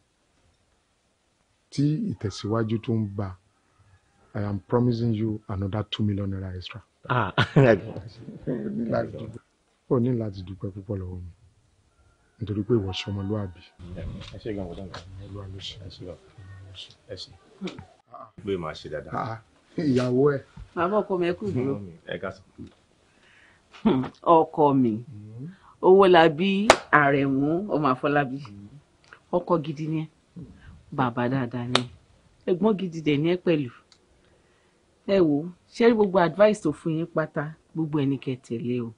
tí ìtẹ̀síwájú tó ń bá I am promising you another two million naira extra. ó ah, ní láti dúpẹ́ púpọ̀ lọ́wọ́ mi nítorí pé ìwọ ṣe ọmọlúwàbí. ẹ ṣe gan ọdún kan ọmọlúwàbí ṣe ẹ ṣe ẹ ṣe ah, ah. pé màá ṣe dáadáa. ìyàwó ẹ. bàbá ọkọ mi ẹ kú ìdúró. ọkọ mi. Mm-hmm. Owólabí Àrẹ̀mú ọmọ Àfọlábí ọkọ gidi ni ẹ bàbá dáadáa ni ẹ̀gbọ́n gidi dẹ̀ ni ẹ pẹ̀lú ẹ wo ṣe rí gbogbo advice tó fún yín pátá gbogbo ẹni kẹ́ o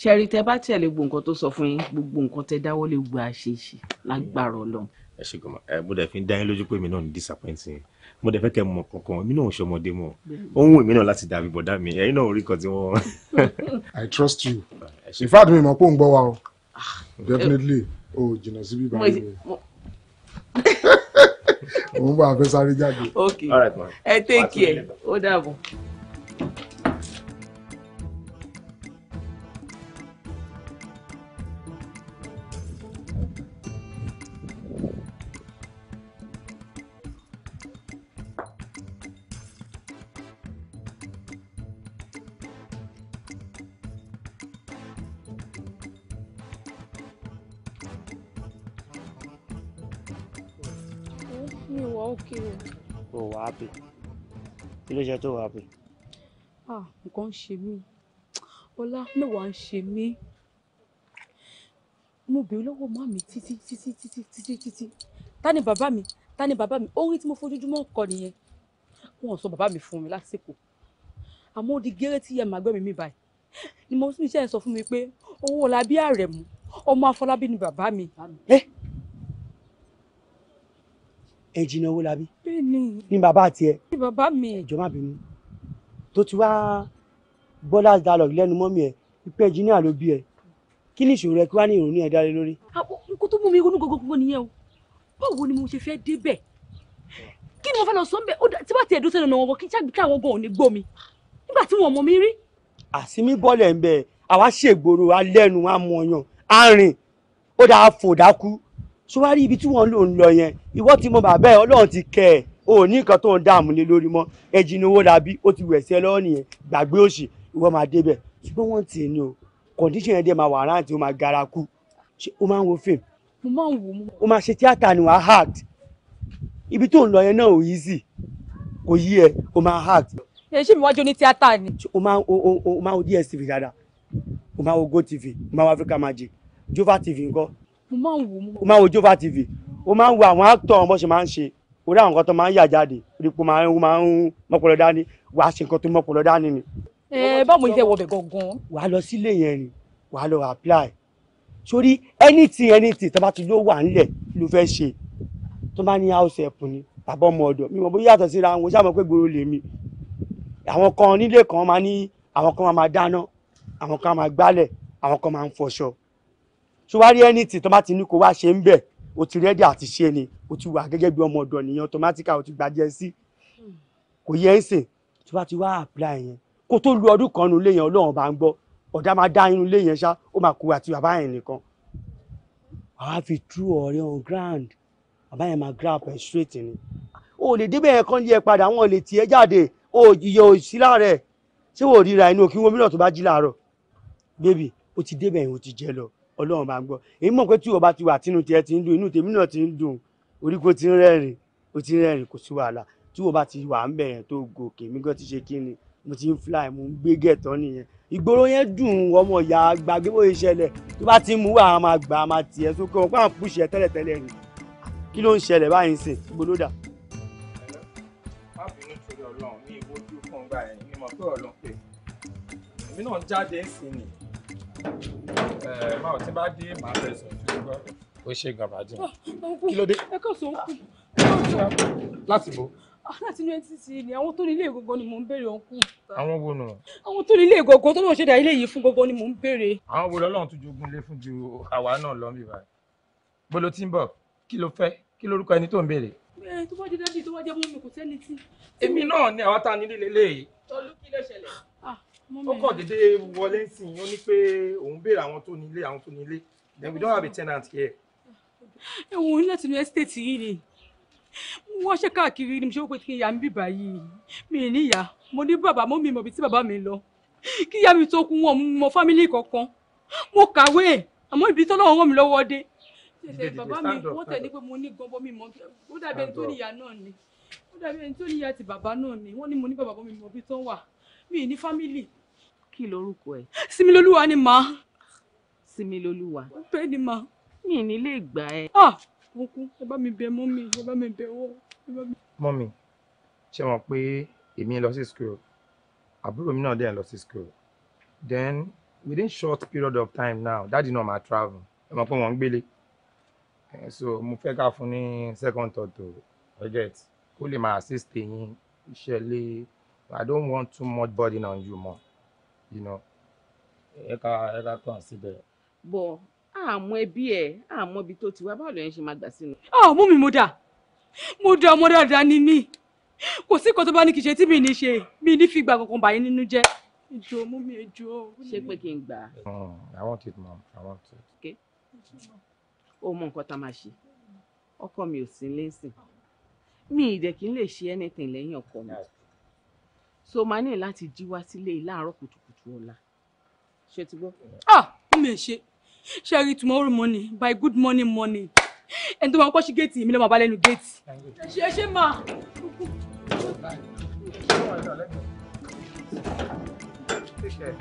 ṣe rí tẹ́ bá tẹ̀lé gbogbo nǹkan tó sọ fún yín gbogbo nǹkan tẹ́ dáwọ́ lé gbà ṣe ṣe lágbára Ọlọ́run. ẹ ṣe gbọmọ ẹ mo dẹ fi ń dá yín lójú pé mi náà ní disappointing mo dẹ̀ fẹ́ kẹ́ mọ̀ kankan mi náà ṣọmọdé mọ̀ ó ń náà láti dàbí bọ̀dá mi ẹ̀yin náà orí kan tí wọ́n. I trust you ìfá àdúmí mọ̀ pé òun gbọ́ wa o ah, definitely o jìnnà síbí báyìí òun bá a fẹ́ sáré jáde. ok ẹ take care ó dàbọ̀. mi wà òkè o. o wà á pè kí ló ṣe tó wà á pè. ah nǹkan ń ṣe mí ọlá mẹ́wàá ń ṣe mí mo bèrè lọ́wọ́ má mi títí títí títí títí títí ta ni bàbá mi ta ni bàbá mi orin tí mo fojoojúmọ́ kọ nìyẹn wọn sọ bàbá mi fún mi lásìkò àmọ́ ó di gẹ́rẹ́ tí ìyá màgbẹ́ mi mi báyìí ni mo sì ń ṣe sọ fún mi pé owó Ọlábí Àrẹ̀mú ọmọ Afọlábí ni bàbá mi. ẹ ẹ jìnnà owó labi? bẹ́ẹ̀ni. ni baba tiẹ̀. ni bàbá mi. ìjọ má bínú tó ti wá bọ́lá dialogue lẹ́nu mọ́mí ẹ̀ pípẹ́ ẹnjìníà ló bí ẹ kí ni ìṣòro ẹ kí wàá ní ìrònú ẹ dálé lórí. nǹkan tó mú mi ronú gbogbogbò nìyẹn o báwo ni mo ṣe fẹ́ débẹ̀ kí ni mo fẹ́ lọ sọ ń bẹ̀ tí bá tiẹ̀ dó sẹ́nu ọ̀nà wọn kí n ṣáà kí àwọn gan ò ní gbọ́ mi nígbà tí wọn mọ mi rí. àsìmí bọ́ọ̀lù ẹ̀ ń bẹ̀ àwa ṣègbòrò alẹ́nu àmọ̀yàn arìn ó dáa fò dákú ṣùwárí ibi tí wọ́n lò ń lọ yẹn ìwọ ti mọ bàbá ẹ ọlọ́run ti kẹ́ ẹ o ní nǹkan tó ń dààmú lé lórí mọ́ ẹ̀jìn owó dàbí ó ti wẹ̀ sí ẹ lọ́wọ́ nìyẹn gbàgbé òṣì ìwọ máa débẹ̀ ṣùgbọ́n wọ́n ti ní o kọ̀ǹdíṣìn yẹn dẹ̀ máa wà ráǹtì ó máa gara kú ó máa ń wo fíìmù. mo máa ń wò ó. ó máa ṣe tíátà ni wàá hard ibi tó ń lọ yẹn náà ò easy kò yí ẹ ó máa hard. ṣé mi wájú ní tíátà ni. ó máa ó máa wo DSTV dáadáa ó máa wo GoTV ó máa wo Africa Magic Jova TV nǹkan mo máa ń wò ó. o máa ń tv o máa ń wo àwọn actor wọn bó ṣe máa ń ṣe orí àwọn nǹkan tó máa ń yà jáde orí kò máa ń máa ń mọ́pọ̀lọ́ dání wàá ṣe nǹkan tó mọ́pọ̀lọ́ dání ni. ẹ eh, báwo ni iṣẹ́ wọbẹ̀ gangan. wàá lọ sílé yẹn ni wàá lọ apply sórí anything anything tó bá ti ló wà nílẹ̀ ló fẹ́ ṣe tó bá ní house help ni tàbí ọmọ ọ̀dọ̀ mi mọ̀ bó yàtọ̀ síra wọn ṣáà mọ̀ pé gbòòrò lèmi àwọn kan nílé kan máa ní àwọn kan máa dáná àwọn kan máa gbálẹ̀ àwọn kan máa ń fọṣọ ṣùwárí ẹni tí tọ́mátì ní kò wá ṣe ń bẹ̀ o ti rẹ́dí àti ṣe ni o ti wà gẹ́gẹ́ bí ọmọ ọ̀dọ̀ nìyẹn tọ́mátìkà o ti gbàjẹ́ sí kò yẹ ń sìn tí wàá ti wá apply yẹn kó tó lu ọdún kan nulẹ̀ yẹn ọlọ́run bá ń gbọ́ ọ̀dà máa dá inú ilé yẹn ṣá ó máa kú àti bàbá yẹn nìkan wàá fi tú ọ̀rẹ́ on ground bàbá yẹn máa grab ẹ̀ straight ni o lè débẹ̀ yẹn kan lé ẹ padà wọn lè tiẹ̀ jáde o ìyẹ òsì láàrẹ̀ ṣé wò ríra inú kí wọn mílíọ̀nù tó bá jí láàárọ̀ bébì o ti débẹ̀ yẹn o ti jẹ lọ ọlọ́run bá ń gbọ́ èyí mọ̀ pé tí o bá ti wà tínú tiẹ̀ ti ń dùn inú tèmi náà ti ń dùn oríko ti ń rẹ́rìn o ti ń rẹ́rìn kò sí wàhálà tí o bá ti wà ń bẹ̀yẹn tó gòkè mi gan ti ṣe kí ni mo ti ń fly mo ń gbé gẹ̀tọ́ nìyẹn ìgboro yẹn dùn ọmọ ìyá gbàgbé bóyá ìṣẹ̀lẹ̀ tó bá ti mú wà á máa gbà á máa tiẹ̀ sókè wọn pàm pùṣẹ̀ tẹ́lẹ̀tẹ́lẹ̀ rìn kí ló ń ṣẹlẹ̀ báyìí sìn gbogbo ọlọ́run ní náà jáde ń sìn ni ẹ eh, máa tí bá dé màá fẹ́ sọ ṣùgbọ́n ó ṣe gan bàjẹ́ ah, kí ló dé. ẹ kàn sọ òkú láti bo. Ah, láti inú ncc ni àwọn tó ní ilé ìgbọ̀ngàn ni mò ń béèrè òkú. àwọn wo nù. àwọn tó ní ilé ìgbọ̀ngàn tó náà ṣẹ̀dá ilé yìí fún gbogbo ni mò ń béèrè. àwọn wo lọ́lọ́run tó jogún lé fún ju àwa náà lọ bí báyìí. bolo tí ń bọ̀ kí ló fẹ́ kí lórúkọ ẹni tó ń béèrè. ẹ eh, tó bá jẹ dábì tó bá jẹ mọ́mi kò sẹ́ni tí. èmi náà ni àwa ta nílé lélẹ́yìí. tọ́lú kí ló ṣẹlẹ̀ ó kàn dédé wọlé sí i ó ní pé òun béèrè àwọn tó nílé àwọn tó nílé then we don't have a tenant here. ẹ̀wọ̀n láti inú estate yìí ni mo wá ṣe káàkiri ni mo ṣe wọ́n pé kí ìyá mi bíbá yìí mi níyà mo ní bàbá mo mi mọ̀ bí tí bàbá mi lọ kí ìyá mi tó kú wọn mọ fámílì kankan mo kàwé àmọ́ ibi tọ́lọ́wọ́ ràn mí lọ́wọ́ dé ṣẹ̀ṣẹ̀ bàbá mi wọ́n tẹ̀lé pé mo ní gbọ́ngbọ́ mi mọ́ ó dàbí ẹni tó níyà náà ni ó dàbí ẹni tó níyà ti bàbá náà ni wọ́n ní mo ní bàbá mi mọ̀ bí tó wà mi ní fámílì Vicky lórúkọ ẹ̀. Similolúwa ni màá. Similolúwa. Bẹ́ẹ̀ ni màá. Mi ní lè gbà ẹ. Mo kú, ẹ bá mi bẹ mọ́mì, ẹ bá mi bẹ wọ́. Mọ́mì, ṣé mọ̀ pé èmi lọ sí school, àbúrò mi náà dẹ̀ lọ sí school. Then within short period of time now, dáàdi náà máa travel. Ẹ mọ̀ pé wọ́n ń gbélé. Eh, so mo fẹ́ ká fún ní second thought to budget kó lè máa assist yín iṣẹ́ lé I don't want too much burden on you mọ́ you know ẹ ká ẹ ká tán síbẹ̀. bọ àmọ́ ẹbí ẹ àmọ́ ibi tó ti wá báwo lẹyìn ṣe máa gbà sínú. ọ mú mi mo dà mo dà ọmọ dáadáa ni mí kò sí nǹkan tó bá ní kì í ṣe tí mi ní ṣe mi ní fìgbà kankan báyìí nínú jẹ ìjọ mú mi ìjọ. ṣé pé kí n gbà. Hmm, i want it mom i want it. okay o mọ nǹkan tá a máa ṣe ọkọ mi ò sí lẹ́sìn mi ìdẹ̀ kí lè ṣe anything lẹ́yìn ọkọ mi so máa ní láti jí wá sílé láàárọ̀ kùtù ju ọ̀la ṣe ti gbọ́. ah mi ò ṣe ṣe rí tomorrow morning by good morning morning ẹni tó máa ń kọ́ sí géètì mi ló máa bá lẹ́nu géètì. ṣe ṣe máa. Take care.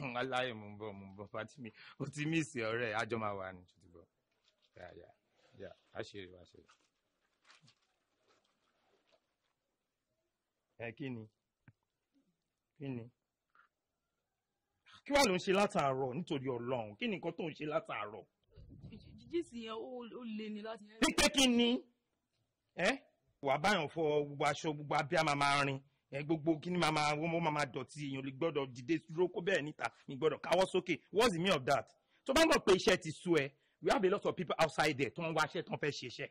Hmm, aláyè mú bọ̀ mú bọ̀ fatimi o ti mí ìsìn ọ̀rẹ́ àjọ máa wà ní tuntun bọ̀ yàyà yà á ṣe rè ẹ kí ni kí ni kí wàá ló ń ṣe látàárọ̀ nítorí Ọlọ́run kí ni nǹkan tó ń ṣe látàárọ̀. jíjísì yẹn ó lè ní láti. pípé kí ni ẹ wàá báyọ̀ fọ gbogbo aṣọ gbogbo abẹ́ àmàmà rin ẹ gbogbo kí ni wọn màmá dọ̀tí èèyàn lè gbọ́dọ̀ dìde dúró kó bẹ́ẹ̀ níta ní gbọ́dọ̀ káwọ́ sókè what's the meaning of that tó bá ń gbọ́ pé iṣẹ́ ti sú ẹ we have a lot of people outside there tó ń wá iṣẹ́ tó ń fẹ́ ṣe iṣẹ́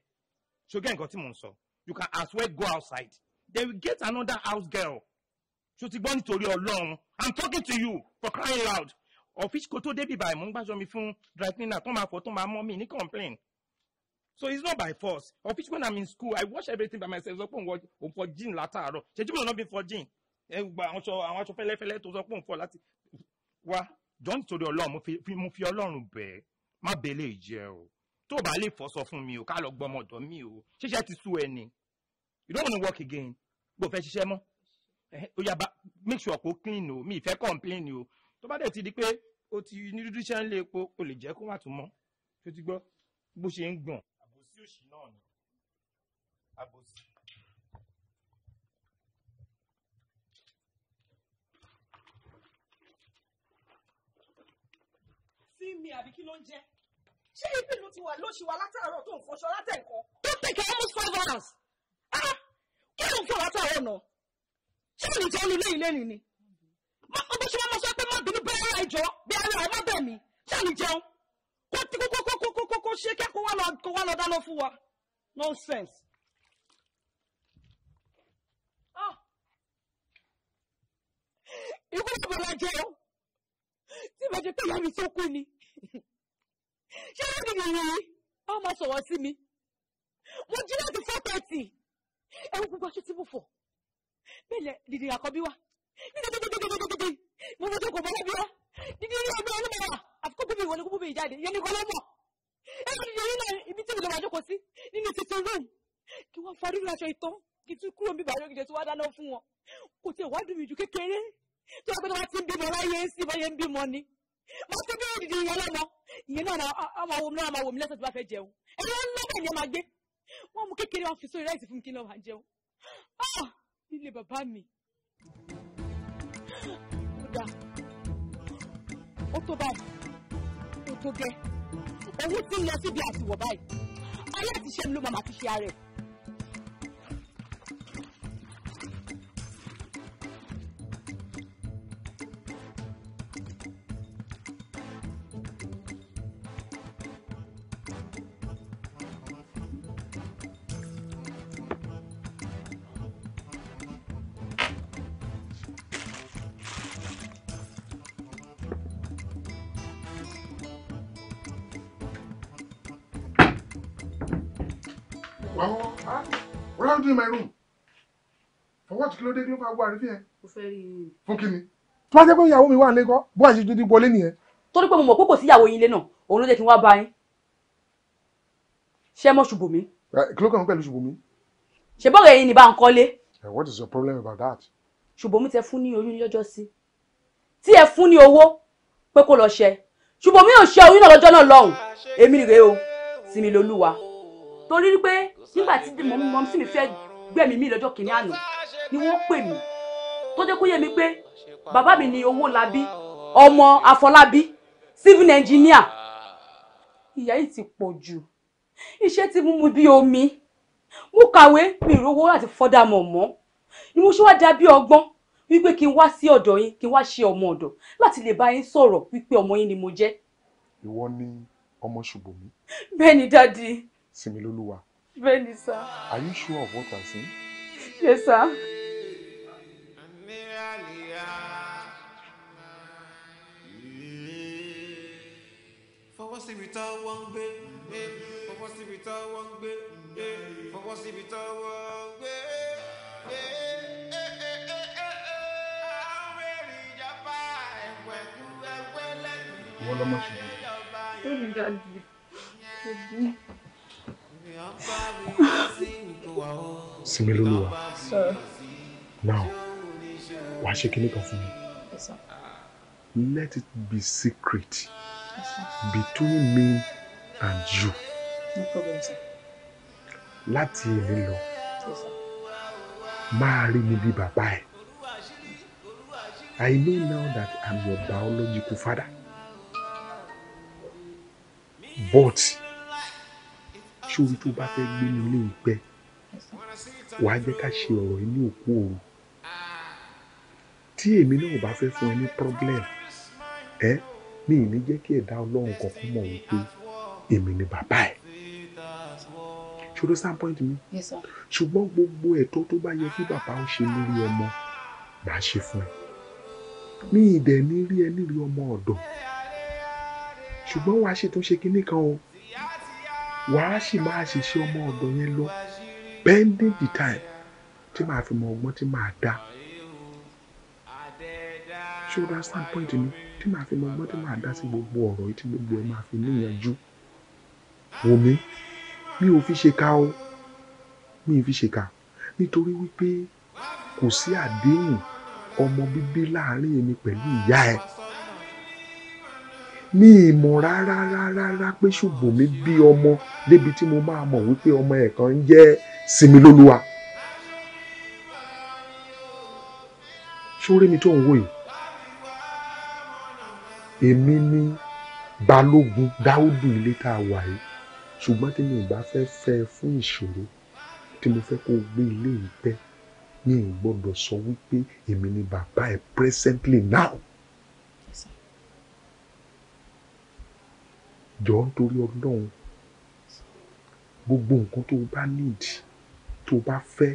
ṣogẹ́ nǹkan tí mò ń sọ you can as well go outside then we get another house girl ṣó ti gbọ́ nítorí ọlọ́run i'm talking to you for crying loud ọ̀fíìsì kò tó débi báyìí mò ń gbàjọ́ mi fún dry cleaner tó máa fọ tó máa mọ́ mi ní complain so it's not by force of when i'm in school i wash everything by myself sọ pé òun fọ jean látàárọ̀ ṣèjú mi ò náà bí fọ jean ẹ gba àwọn aṣọ àwọn aṣọ fẹ́lẹ́fẹ́lẹ́ tó sọ pé òun fọ láti wá john torí Ọlọ́run mo fi Ọlọ́run bẹ́ẹ̀ má bẹlẹ jẹ o tó o bá lè fọ sọ fún mi o ká lọ gbọmọ ọ̀dọ̀ mi o ṣíṣẹ́ ti sú ẹni you don't wanna work again gbọ́ fẹ́ ṣiṣẹ́ mọ́ ó yá bá make sure kó clean o mi ìfẹ́ complain o tó bá dẹ̀ ti di pé o ti ní dúdú iṣẹ́ ń lé epo o lè jẹ́ kó wà tó mọ́ tó ti gbọ́ bó ṣe ń gbọ̀n àbòsí òṣì náà ni àbòsí. sí mi àbí kí ló ń jẹ́ ṣé ibi ìlú ti wà lóṣù wa látàárọ̀ tó ń fọṣọ látẹ̀kọ́. ó pèkè almost five hours ah! kí ló ń fọ látàárọ̀ náà ṣé ìlú tó ń lulẹ̀ ilé nìyí. bó ṣe máa ma sọ pé má bínú bẹ́ẹ̀ ara ìjọ bí ara ẹ̀ má bẹ̀ mí ṣáà ní jẹun kó tí kó kó kó kó kó kó ṣe kẹ́kọ̀ọ́ wá lọ kó wá lọ dáná fún wa nonsense. Ah. ikú ló bọ̀ lọ́jọ́ tí mo ti pé ìyá mi tó kú ni ṣé wọ́n ti nìyí wọ́n máa sọ̀rọ̀ sí mi mo jí láti four thirty ẹ̀rù gbogbo aṣọ tí mo fọ̀ bẹ́ẹ̀ lẹ̀ dìde àkọ́bí wa dídí dídí dídí dídí mo mọ̀ tó kò wa dídí ní ọmọ ọlọ́mọ wa àfikún bíbí ìwọlé kúkú bíi ìjáde ìyẹn nìkan ló mọ̀ èmi ti yẹrí náà ibi tí mi lè wà jókòó sí nínú tuntun room kí wọ́n fa rírun aṣọ ìtọ́ kí tún kúrò bíbá yóò jẹ tí wọ́n dáná fún wọn kò tiẹ̀ wá dùn mí ju kékeré tó wá pé wọ́n ti ń bímọ láyé sí báyé ń bímọ ni mo ti bí òdìdí ìyẹn lọ́mọ ìyẹn náà àwọn àwọn omi náà máa wò mí lẹ́sẹ̀ tí wọ́n fẹ́ jẹun ẹ̀rọ ńlá bẹ́ẹ̀ ni ẹ máa gbé wọ́n mú kékeré wọn fi sórí láìsí fún kí náà máa jẹun ah! nílé bàbá mi kódà ó tó báyìí tó gẹ́ owó tí ń lọ síbi àtiwọ̀ báyìí ayé àti iṣẹ́ mi ló máa ti ṣe ara ẹ̀ in my room? For what kí ló dé kí ló fà gbọ́ àrífín ẹ? Mo fẹ́ rí i. Fún kí ni? Tó bá jẹ́ pé ìyàwó mi wà ní kọ́, bó àṣẹ dídí wọlé mo mọ̀ pé kò sí ìyàwó yín ilé náà, òun ló jẹ́ kí n wá bá yín. Ṣé mọ̀ Ṣùbòmí? Kí ló kàn mí pẹ̀lú Ṣùbòmí? Ṣé bọ́ọ̀rọ̀ ni bá ń kọ́lé? Eh, what is your problem about that? Ṣùbòmí tẹ fún ní oyún lọ́jọ́ sí. Tí ẹ fún ní owó pé kó lọ ṣẹ. Ṣùbòmí ò ṣe oyún náà lọ́jọ́ náà lọ́hùn. Èmi rèé o, Sinmi lolúwa torí pé nígbà tí mọ̀ sí mi fẹ́ gbẹ̀mí mi lọ́jọ́ kìíní àná ni wọ́n pè mí tó jẹ́ kó yé mi pé bàbá mi ni owó labí ọmọ Afọlábí civil engineer ìyà yìí ti pọ̀ jù iṣẹ́ ti mú mi bí omi mo kàwé mi ìrówó àti fọ́dàmọ̀ mọ́ ni mo ṣe wá dàbí ọgbọ́n wípé kí n wá sí ọ̀dọ̀ yín kí n wá ṣe ọmọ ọ̀dọ̀ láti lè bá yín sọ̀rọ̀ wípé ọmọ yín ni mo jẹ́. ìwọ ni ọmọ ṣùgbọ́n mi. bẹ́ẹ̀ ni Similoluwa. Bẹ́ẹ̀ni sá. Are you sure of what I say? Yes sá. Fọwọ́ síbi tọ́wọ́ ń gbé. Fọwọ́ síbi tọ́wọ́ ń gbé. Fọwọ́ síbi tọ́wọ́ ń gbé. Wọ́n lọ́mọ ṣe. Bẹ́ẹ̀ni dáàdi, ṣe bí. Sinmi lóluwa. Now, wàá ṣe kíní kan fún mi. Let it be secret yes, between me and you. No problem, sir. Láti èmi lọ, máa mi bí bàbá ẹ̀. I know now that I'm your biological father. But sórí tó bá fẹ́ gbé ní ilé ìgbẹ́ wà á jẹ́ ká ṣe ọ̀rọ̀ yìí ní òkú òru tí èmi náà bá fẹ́ fún ẹ ní problem ẹ mi ì ní jẹ́ kí ẹ̀dá ọlọ́run kankan mọ̀ wípé èmi ni bàbá ẹ̀ ṣòro stand point mi ṣùgbọ́n gbogbo ẹ̀tọ́ tó bá yẹ kí bàbá ó ṣe lórí ọmọ màá ṣe fún ẹ mi ì dẹ̀ ní rí ẹ nírí ọmọ ọ̀dọ̀ ṣùgbọ́n wàá ṣètò ṣe kinní kan o wàá sì máa ṣiṣẹ́ ọmọ ọ̀dọ̀ yẹn lọ bending the time tí màá fi mọ ọgbọ́n tí màá dá ṣé o dá standpoint mi tí màá fi mọ ọgbọ́n tí màá dá sí gbogbo ọ̀rọ̀ yìí tí gbogbo ẹ̀ máa fi níyànjú wò mí mi ò fi ṣe ká o mi ò fi ṣe ká nítorí wípé kò sí àdéhùn ọmọ bíbí láàrin èmi pẹ̀lú ìyá ẹ̀ mi ì mọ̀ rárá rárá rárá pé ṣùgbọ́n mi bí ọmọ débi tí mo máa mọ̀ wípé ọmọ ẹ̀ kan ń jẹ́ sinmi lólúwa. sórí mi tó ń wò yìí èmi ni balógun dáúdù ilé tá a wà yìí ṣùgbọ́n tí mi ì bá fẹ́ fẹ́ fún ìṣòro tí mo fẹ́ kó gbé ilé yìí pẹ́ mi ì gbọ́dọ̀ sọ wípé èmi ni bàbá ẹ̀ presently now. jọ̀ọ́ nítorí ọlọ́run gbogbo nǹkan tó o bá need tó o bá fẹ́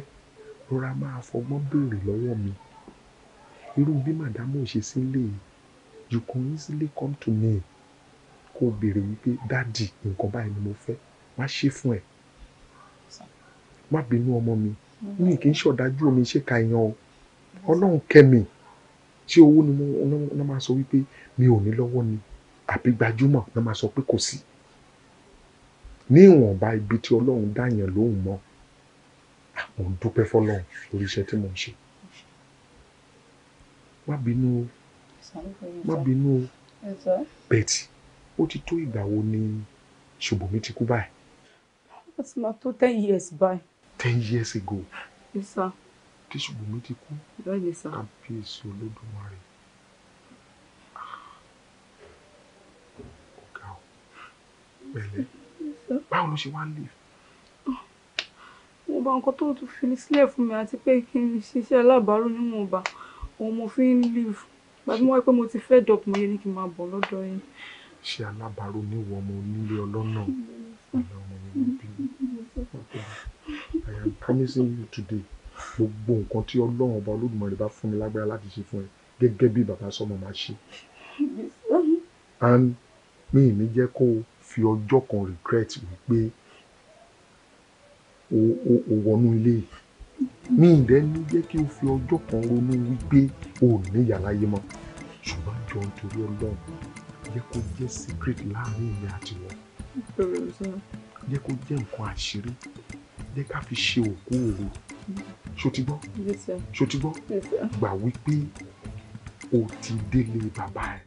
rọra máa fọgbọ́n béèrè lọ́wọ́ mi irú bí màdámù ṣe sílé yìí you can easily come to me kó o béèrè wípé dáàdì nǹkan báyìí ni mo fẹ́ má ṣe fún ẹ má bínú ọmọ mi mi kì í ṣọ̀dájú omi ṣe ka yan o ọlọ́run kẹ́ mi tí owó ni mo máa sọ wípé mi ò ní lọ́wọ́ ni àbí gbajúmọ̀ náà máa sọ pé kò sí ní ìwọ̀nba ibi tí ọlọ́run dáyàn lóhùn mọ́ mo ń dúpẹ́ fọlọ́run lórí iṣẹ́ tí mo ń ṣe má bínú o má bínú o bẹ́ẹ̀tì ó ti tó ìgbà wo ni ṣùbọ̀mí ti kú báyìí. ó ti máa tó ten years báyìí. ten years ago. yes sir. tí ṣùbọ̀mí ti kú. bẹ́ẹ̀ ni sir. kábíyèsí olódùmarè. pẹ̀lẹ́ báwo ló ṣe wá lè. mo bá nǹkan tó tún fi sílẹ̀ fún mi àti pé kí n ṣiṣẹ́ alábàárò níwọ̀nba òun mo fi ń leave gbàgbé wọn pé mo ti fẹ́ dọ̀pọ̀ mo yẹ ní kí n máa bọ̀ lọ́dọ̀ yín. ṣe alábàárò níwọ̀ ọmọ onílé ọlọ́nà ọ̀nà ọmọ mi ló bí I am promising you today gbogbo nǹkan tí ọlọ́run ọba olódùmarè bá fún mi lágbára láti ṣe fún ẹ gẹ́gẹ́ bí bàbá sọmọ máa ṣe and mi ì ní jẹ́ kó o fi ọjọ́ kan regret wípé o o o wọnú ilé mi ìdẹ́ ní jẹ́ kí o fi ọjọ́ kan ronú wípé o ò ní ìyá láyé mọ́ ṣùgbọ́n jọ nítorí ọlọ́run yẹ kó jẹ́ secret láàrin ìyá àti wọn yẹ kó jẹ́ nǹkan àṣírí yẹ ká fi ṣe òkú òru ṣòtìgbọ́ ṣòtìgbọ́ gbà wípé o ti délé bàbá ẹ̀.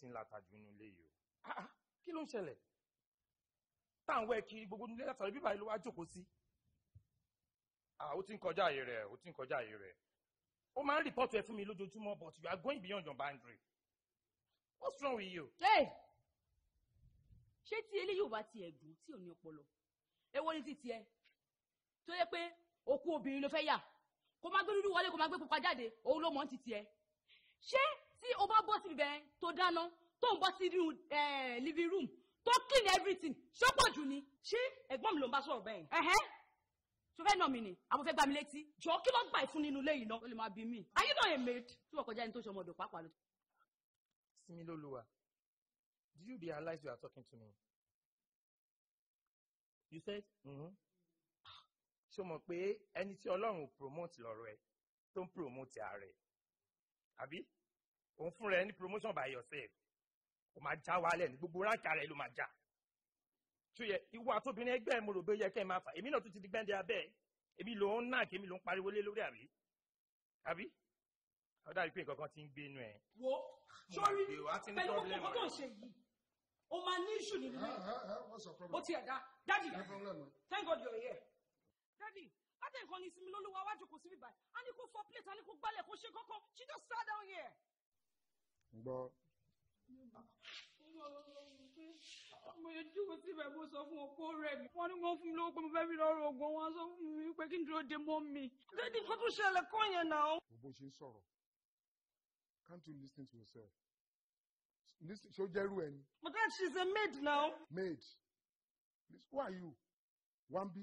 tí ń látajú inú ilé yìí o ah, ah, kí ló ń ṣẹlẹ̀ táwọn ẹkiri gbogbo nílé látàrí bíbá ìlú wa jókòó sí ah, ó ti ń kọjá àyè rẹ̀ ó ti ń kọjá àyè rẹ̀ ó máa ń rìpọ́tù ẹ fún mi lójoojúmọ́ but you are going beyond your boundary what's wrong with you. ṣé tí eléyìí ò bá tiẹ̀ dùn tí ò ní ọpọlọ èwo ni ti tiẹ̀ tó yẹ pé òkú obìnrin ló fẹ́ yà kó má gbé dúdú wọlé kó má gbé pupa jáde òun ló mọ̀ ti tiẹ̀ ṣé tí o bá bọ́ síbi bẹ́ẹ̀ tó dáná tó ń bọ́ sí eh, living room tó clean everything ṣó pọ̀ jù ni ṣé ẹ̀gbọ́n mi ló ń bá sọ̀rọ̀ bẹ́ẹ̀. ẹ̀hẹ́ tó fẹ́ nà mí ni àwọn fẹ́ gbá mi létí jọ kí ló gbà ìfún nínú ilé náà ó lè máa bí mi. are you not a maid tí wọ́n kọjá ẹni tó ṣe ọmọdé pàápàá ló. sinmi lóluwà do you realize you are talking to me you said mm-hmm. ṣé o mọ̀ pé ẹni tí ọlọ́run promote lọ́rọ̀ ẹ tó ń promote ààrẹ àbí òun fún rẹ ní promotion by yourself kò máa já wálẹ̀ ní gbogbo ráńkà rẹ ló máa já tó yẹ ìwọ àtòbìnrin ẹgbẹ́ mo rò pé yẹ kẹ́ ẹ máa fà èmi náà tún ti di gbẹ́ndé abẹ́ èmi ló ń náà kí èmi ló ń pariwo lé lórí àbí àbí ọ̀dà rí pé nǹkan kan ti ń gbé inú ẹ̀. wo sórí pẹ̀lú gbogbo tó ń ṣe yìí o máa ní ìṣù nínú ẹ̀ o ti ẹ̀dá dádì thank God you're here dádì látẹ̀ nǹkan ní ìsinmi lólúwa wájú kò sí bíbá a ní kó fọ plate a ní kó gbálẹ̀ kó ṣe kọ́kọ́ she just sat down here gbọ́. mo yẹ jókòó síbẹ̀ mo sọ fún ọkọ rẹ̀ mi. wọ́n ní wọ́n fún mi lówó pé mo fẹ́ fi lọ́rọ̀ oògùn wọn sọ fún mi pé kí n dúró de mọ́ mi. dédé nǹkan tó ṣẹlẹ̀ kọ́ yẹn náà. bó ṣe ń sọ̀rọ̀ can't you listen to yourself? ṣó jẹ́rú ẹni. but that she's a maid now. maid who are you? wambi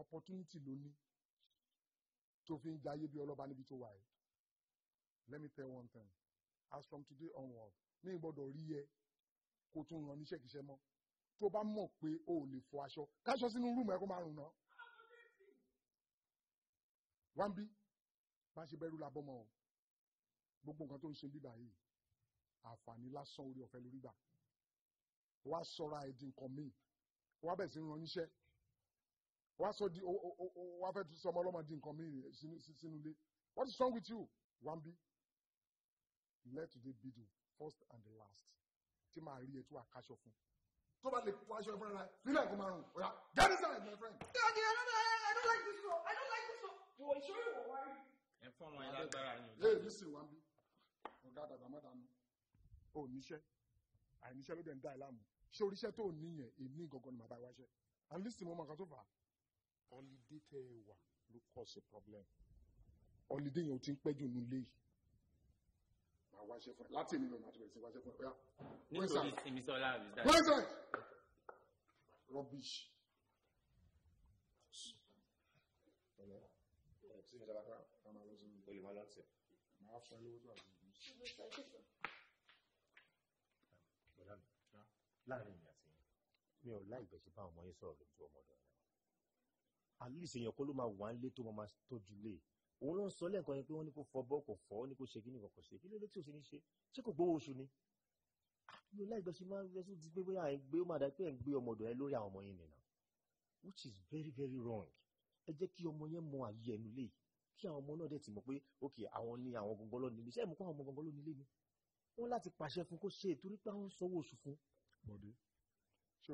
opportunity ló ní tó fi ń jayé bí ọlọ́ba níbi tó wà yìí. let me tell you one thing as from today onward mi gbọ́dọ̀ rí yẹ kó tún ràn níṣẹ́ kíṣẹ́ mọ́ tó bá mọ̀ pé o ò lè fọ aṣọ káṣọ sínú rúùmù ẹ kó máa rùn náà wọ́n bí bá ṣe bẹ́rù labọ́mọ o gbogbo nǹkan tó ń ṣe bíbà yìí àǹfààní lásán orí ọ̀fẹ́ lórí gbà wá sọra ẹ̀dì nǹkan míì wá bẹ̀ sí ń ran níṣẹ́ wá sọ di wá fẹ́ sọmọ ọlọ́mọ di nǹkan míì sínú ilé what is wrong with you wọ́n bí let today be the first and the last tí màá rí ẹ tó wà káṣọ fún tó bá lè fọ aṣọ ìfúnra rẹ sílẹ̀ kó márùn ọ̀yà get inside my friend. daddy i don't i don't like this one i don't like this one. ìwọ ìṣòro ìwọ wá rí. ẹ fọ́ wọn ẹ lágbára yín. ẹ ní sìn wá bí ọ̀gá àdàgbà má dànù. o níṣẹ́ àìníṣẹ́ ló dẹ̀ ń dá ẹ láàmú ṣé oríṣẹ́ tó ní yẹn èmi gangan ni màá bá ẹ wáṣẹ́ and listen mo mọ nǹkan tó fà á. holiday tẹ ẹ wà ló cause problem holiday yẹn o ti ń pẹ́ jù nílé yìí máa wáṣẹ́ fún ẹ láti ìlú máa bẹ̀rẹ̀ sí wáṣẹ́ fún ẹ bóyá. nítorí sinmi sọlá àbí rubbish. Màá fún ẹ lówó tó àgbẹ̀ yìí. Láàárín ìyá sí, mi ò láì bẹ̀ṣẹ̀ bá ọmọ yín sọ̀rọ̀ lójú ọmọdé ọ̀la. Àlùsèyàn kó ló máa wà ń lé tó máa tọ́jú lé òun ló ń sọ lẹ́ẹ̀kan yẹn pé wọ́n ní kó fọ bọ́ fọ́ ní kó ṣe kí ní kọ̀kọ̀ ṣe kí ló dé tí ò ṣe ní ṣe ṣé kò gbowó oṣù ni ah, mi ò máa ń rẹ́sùn ti pé bóyá àìgbé ó máa dà pé ẹ̀ ń gbé ọmọ ọ̀dọ̀ ẹ lórí àwọn ọmọ yẹn nìyẹn which is very very wrong ẹ jẹ́ kí ọmọ yẹn mọ àyè ẹnu lé kí àwọn ọmọ náà dẹ̀ ti mọ̀ pé ok àwọn ní àwọn gọngọlọ nílé ṣé ẹ mọ̀ pé àwọn ọmọ gọngọlọ nílé ni wọ́n láti pàṣẹ fún kó ṣe torí pé àwọn sanwó oṣù fún. bọ̀dé ṣé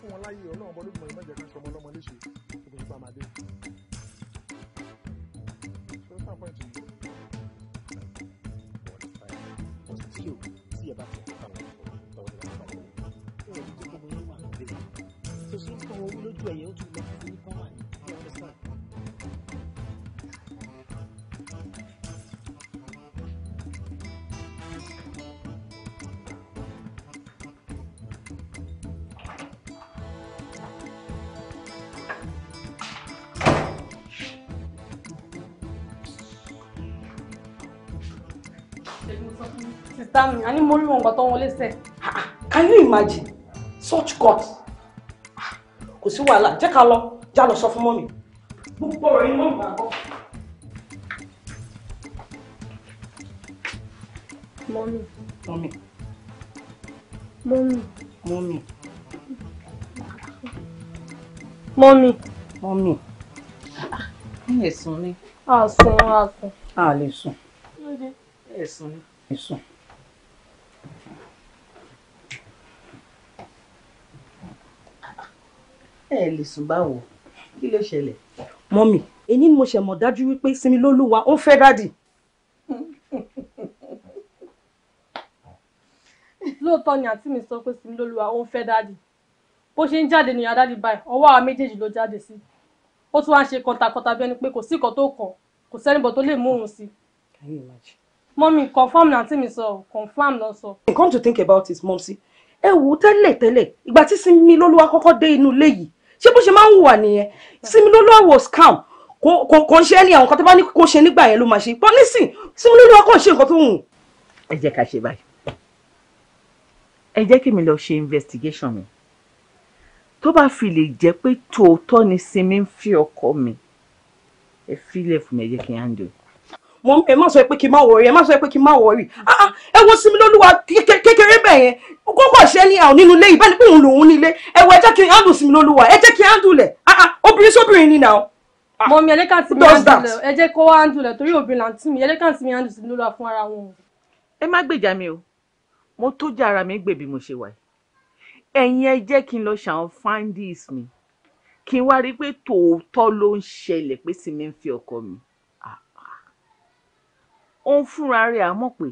fún wọn láyé ọlọ́run bọ́ lóògùn ìmọ̀jẹ̀ kan sọmọ ọlọ́mọ léṣe ìbò bá máa dé. sọ́sà pọ́ìntì. tí o tí ẹ bá fi ọ̀pá wọn ọ̀rọ̀ ìgbà tó bá wọn. ó yẹ kí gbogbo yẹn wà lóde. tòṣì ń pọ̀ lójú ẹ̀yẹ́ ó tún damn a ní mo rí wọn gbà tó can you imagine such god kò sí wàhálà jẹ́ ká lọ já lọ sọ fún Mommy. gbogbo ọ̀rọ̀ yìí mọ́mì máa gbọ́. mọ́mì. mọ́mì. mọ́mì. mọ́mì. mọ́mì. mọ́mì. ní ẹ̀sùn ni. àsùn àsùn. a lè sùn. ẹ̀sùn ni. ẹ̀sùn. ẹ lè sùn báwo kí ló ṣẹlẹ̀. mọ́mì èyí ni mo ṣe mọ̀ dájú wípé sinmi lólúwa ó fẹ́ dádì. lóòótọ́ ni àǹtí mi sọ pé sinmi lólúwa ó fẹ́ dádì bó ṣe ń jáde nìyá dádì báyìí ọwọ́ àwọn méjèèjì ló jáde sí ó tún wá ń ṣe kọ̀tàkọ̀tà bí ẹni pé kò sí ìkan tó kàn kò sẹ́nìbọ̀ tó lè mú òun sí. mọ́mì confam ni àǹtí mi sọ confam ló sọ. come to think about it mọ́mísí ẹ wò tẹ́lẹ̀ tẹ́lẹ̀ ìgbà tí sinmi lólúwa kọ́kọ́ dé inú ilé yìí ṣé bó ṣe máa ń hùwà nìyẹn Similolu was calm kò ń ṣe ẹni àwọn kan tó bá ní kó ṣe nígbà yẹn ló máa ṣe pọ nísìn Similolu kàn ṣe nǹkan tó wù. ẹ jẹ́ ká ṣe báyìí ẹ jẹ́ kí mi lọ ṣe investigation mi tó bá fi lè jẹ́ pé tòótọ́ ni Simi ń fi ọkọ mi ẹ fílẹ̀ fún mi ẹ jẹ́ kí n handle mọ ẹ má sọ pé kí n má wọrí ẹ má sọ pé kí n má wọrí ah, ah, ẹ wo sinmi lólúwa kékeré bẹ̀ yẹn kókò ṣe ní àwọn nínú ilé ìbẹ́ni pé òun lòun nílé ẹ wọ ẹ jẹ́ kí n handle sinmi lólúwa ẹ jẹ́ kí n handle lẹ̀ ah, obìnrin sóbìnrin ni náà. mọ mi ẹlẹ́kà tí mi handle ẹ jẹ́ kó handle lẹ̀ torí obìnrin àǹtí mi ẹlẹ́kà tí mi handle sinmi lólúwa fún ara wọn. ẹ má gbèjà mi o mo tó jẹ ara mi gbè bí mo ṣe wà ẹ̀yin ẹ jẹ́ kí n lọ ṣàwọn findings mi kí n wá rí pé tòótọ́ ló ń ṣẹlẹ̀ pé sì ń fi ọkọ mi òun fúnra rẹ̀ á mọ̀ pé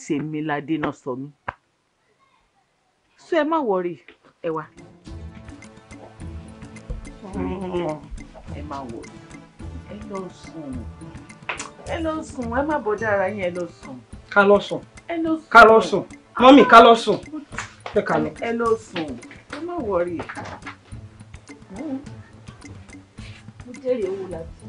tèmi ládé náà sọ mí so ẹ má wọrí ẹ wá ẹ má wọrí ẹ lọ sùn ẹ lọ sùn ẹ má bọ̀dá ara yín ẹ lọ sùn. ká lọ sùn ká lọ sùn mọ́mì ká lọ sùn ẹ ká lọ. ẹ lọ sùn ẹ má wọrí mo jẹ́rìí ewu làtí.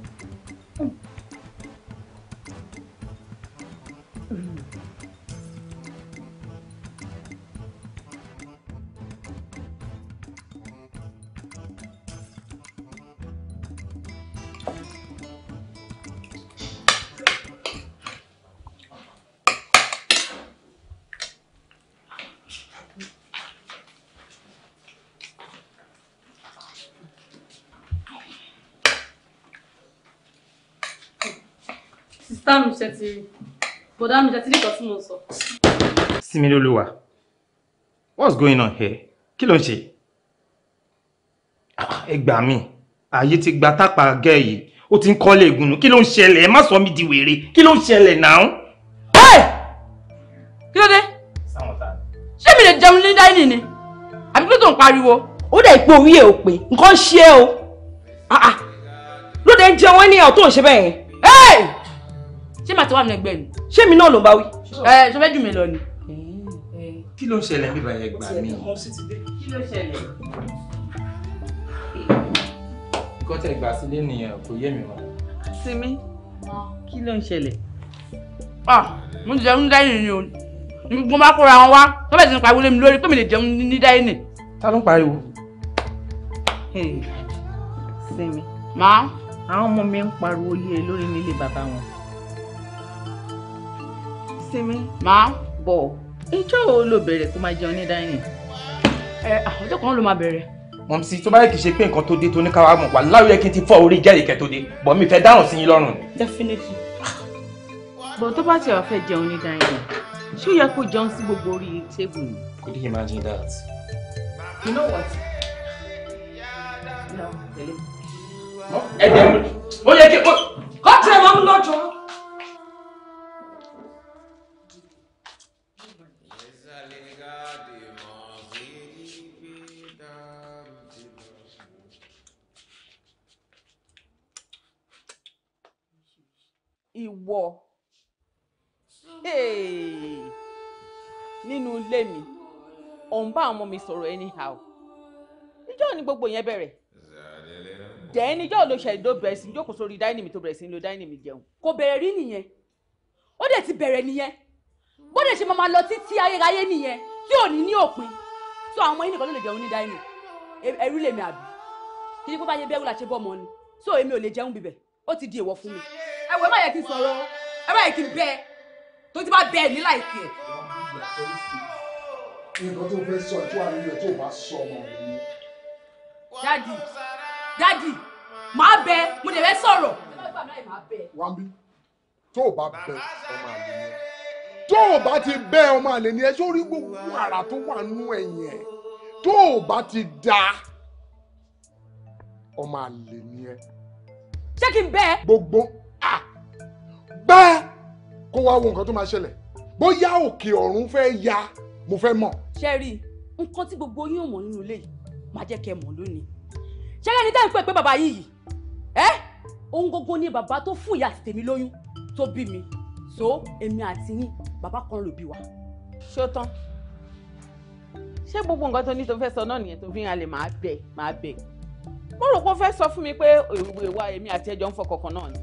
mi ṣe what's going on here kí ló ń ṣe ah, ẹ gbà mí ààyè ti gba tápà gẹ́ yìí ó ti ń kọ́lé ìgùnnù kí ló ń ṣẹlẹ̀ ẹ má sọ mí di wèrè kí ló ń ṣẹlẹ̀ náà. kí ló dé ṣé mi lè jẹun ní dáínì ni àbí pé tó ń pariwo. ó dẹ̀ pé orí ẹ̀ ò pé nǹkan ṣe o Ah, dé jẹun ẹ̀ ní ọ̀ tó ń ṣe bẹ́ẹ̀ yẹn ṣé màtí wà nínú ẹgbẹ́ ni. ṣé mi náà ló ń bá wí. ẹ ṣe fẹ́ jù mí lọ ni. kí ló ń ṣẹlẹ̀ níbà yẹn gbà mí. kí tẹ gbà sílé nìyẹn kò yé mi wọn. sinmi kí ló ń ṣẹlẹ̀. mo ti jẹun dáìní ni o mo bá kóra wọn wá tó bẹ̀rẹ̀ sí ní pariwo mi lórí pé mi lè jẹun ní dáìní. ta ló ń pariwo. sinmi. máa. àwọn ọmọ mi ń pariwo lé e lórí nílé bàbá wọn sinmi. máa bọ̀ ìjọ wo ló bẹ̀rẹ̀ kó máa jẹun ní dining. ẹ ọjọ́ kan ló máa bẹ̀rẹ̀. mọ̀mísí tó bá yẹ kì í ṣe pé nǹkan tó dé tó ní káwá mọ̀ wà láwùjọ kí n ti fọ́ orí jẹ́rìí kẹ́ tó dé bọ̀ mi fẹ́ dáhùn sí yín lọ́rùn. definitely. bọ̀ tó bá ti wà fẹ́ jẹun ní dining ṣé ó yẹ kó jẹun sí gbogbo orí tébù ni. could you imagine that. you know what. no tẹ̀lé. ẹ jẹ́ mi ó yẹ kí ó. kọ́ tẹ̀ wọ́n lọ́jọ́. ìwọ nínú ilé mi òun bá ọmọ mi sọ̀rọ̀ anyhow níjọ́ ni gbogbo yẹn bẹ̀rẹ̀ dẹ̀ níjọ́ ló ṣẹ̀lẹ̀ ló bẹ̀rẹ̀ sí ní jókòó sórí dáínì mi tó bẹ̀rẹ̀ sí ní lo dáínì mi jẹun kò bẹ̀rẹ̀ rí nìyẹn ó dẹ̀ ti bẹ̀rẹ̀ nìyẹn bó dẹ̀ ṣe máa lọ títí ayérayé nìyẹn tí ò ní ní òpin tó àwọn ọmọ yìí nìkan ló lè jẹun ní dáínì e, ẹrú lèmi àbí kí ni kó bá yẹ bẹ́ẹ̀ wúlà ṣe bọ́ ọmọ ni tó èmi ò lè jẹun bíbẹ̀ ó ti di èèwọ̀ fún mi ẹ wẹ má yẹ kí n sọ̀rọ̀ ẹ má yẹ kí n bẹ tó ti bá bẹ ẹ ní láìpẹ́. nǹkan tó fẹ́ sọ ìtú àárín rẹ̀ tó bá sọ ọmọ rẹ̀ ni. dadi dadi màá bẹ mo dẹ̀ fẹ́ sọ̀rọ̀. wambi tó o bá bẹ ọmọ àlè ni tó o bá ti bẹ ọmọ àlè ni ẹ sórí gbogbo àrà tó wà nú ẹ̀yìn ẹ̀ tó o bá ti da ọmọ àlè ni ẹ. ṣé kí n bẹ́ẹ̀. gbogbo pẹ́ kó wá wo nǹkan tó máa ṣẹlẹ̀ bóyá òkè ọ̀run fẹ́ ya mo fẹ́ mọ̀. ṣẹ́rí nǹkan tí gbogbo yín ò mọ̀ nínú ilé yìí máa jẹ́ kẹ́ ẹ mọ̀ lónìí ṣẹ́rí ẹni dáhùn pé pé bàbá yìí yìí ẹ́ ohun gbogbo ni bàbá tó fún ìyá àti tèmi lóyún tó bí mi so èmi àti yín bàbá kan ló bí wa. ṣé ó tán ṣé gbogbo nǹkan tó ní tó fẹ́ sọ náà nìyẹn tó fi hàn lè máa bẹ̀ máa bẹ̀ mo rò pé ó fẹ́ sọ fún mi pé òwe wa èmi àti ẹjọ́ ń fọkàn náà ni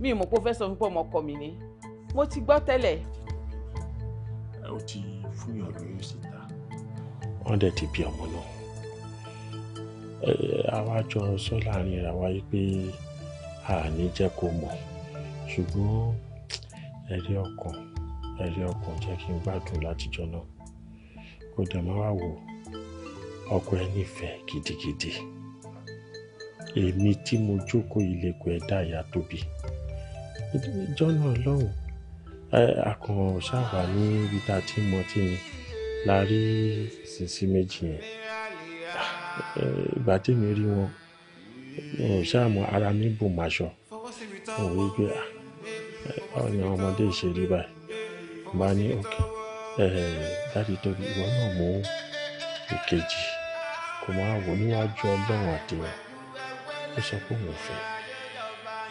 mi ò mọ̀ pé ó fẹ́ sọ fún pé ọmọ ọkọ mi ni mo ti gbọ́ tẹ́lẹ̀. ẹ ò ti fún mi ọ̀rọ̀ yóò sì ta. wọ́n dẹ̀ ti bí ọmọ náà àwa jọ sọ láàrin ara wa yìí pé a ní jẹ́ kó mọ̀ ṣùgbọ́n ẹ̀rí ọkàn ẹ̀rí ọkàn jẹ́ kí n gbádùn látijọ́ náà kó dẹ̀ máa wá wò ọkọ ẹ nífẹ̀ẹ́ gidigidi èmi tí mo jókòó ilẹ̀kùn ẹ̀dá ìyá tóbi jọ́nà ọlọ́run akàn ṣàwà ní ibi tá a ti mọ tí ni la rí sísí méjì yẹn ìgbà tí mi rí wọn ò ṣàmọ ara mi bò máṣọ òun wípé ah, báwo ni àwọn ọmọdé ṣe rí báyìí bá ní òkè dáàdi tóbi ìwọ náà mú ìkejì kò máa wò níwájú ọlọ́run àti wọn ó sọ pé òun fẹ́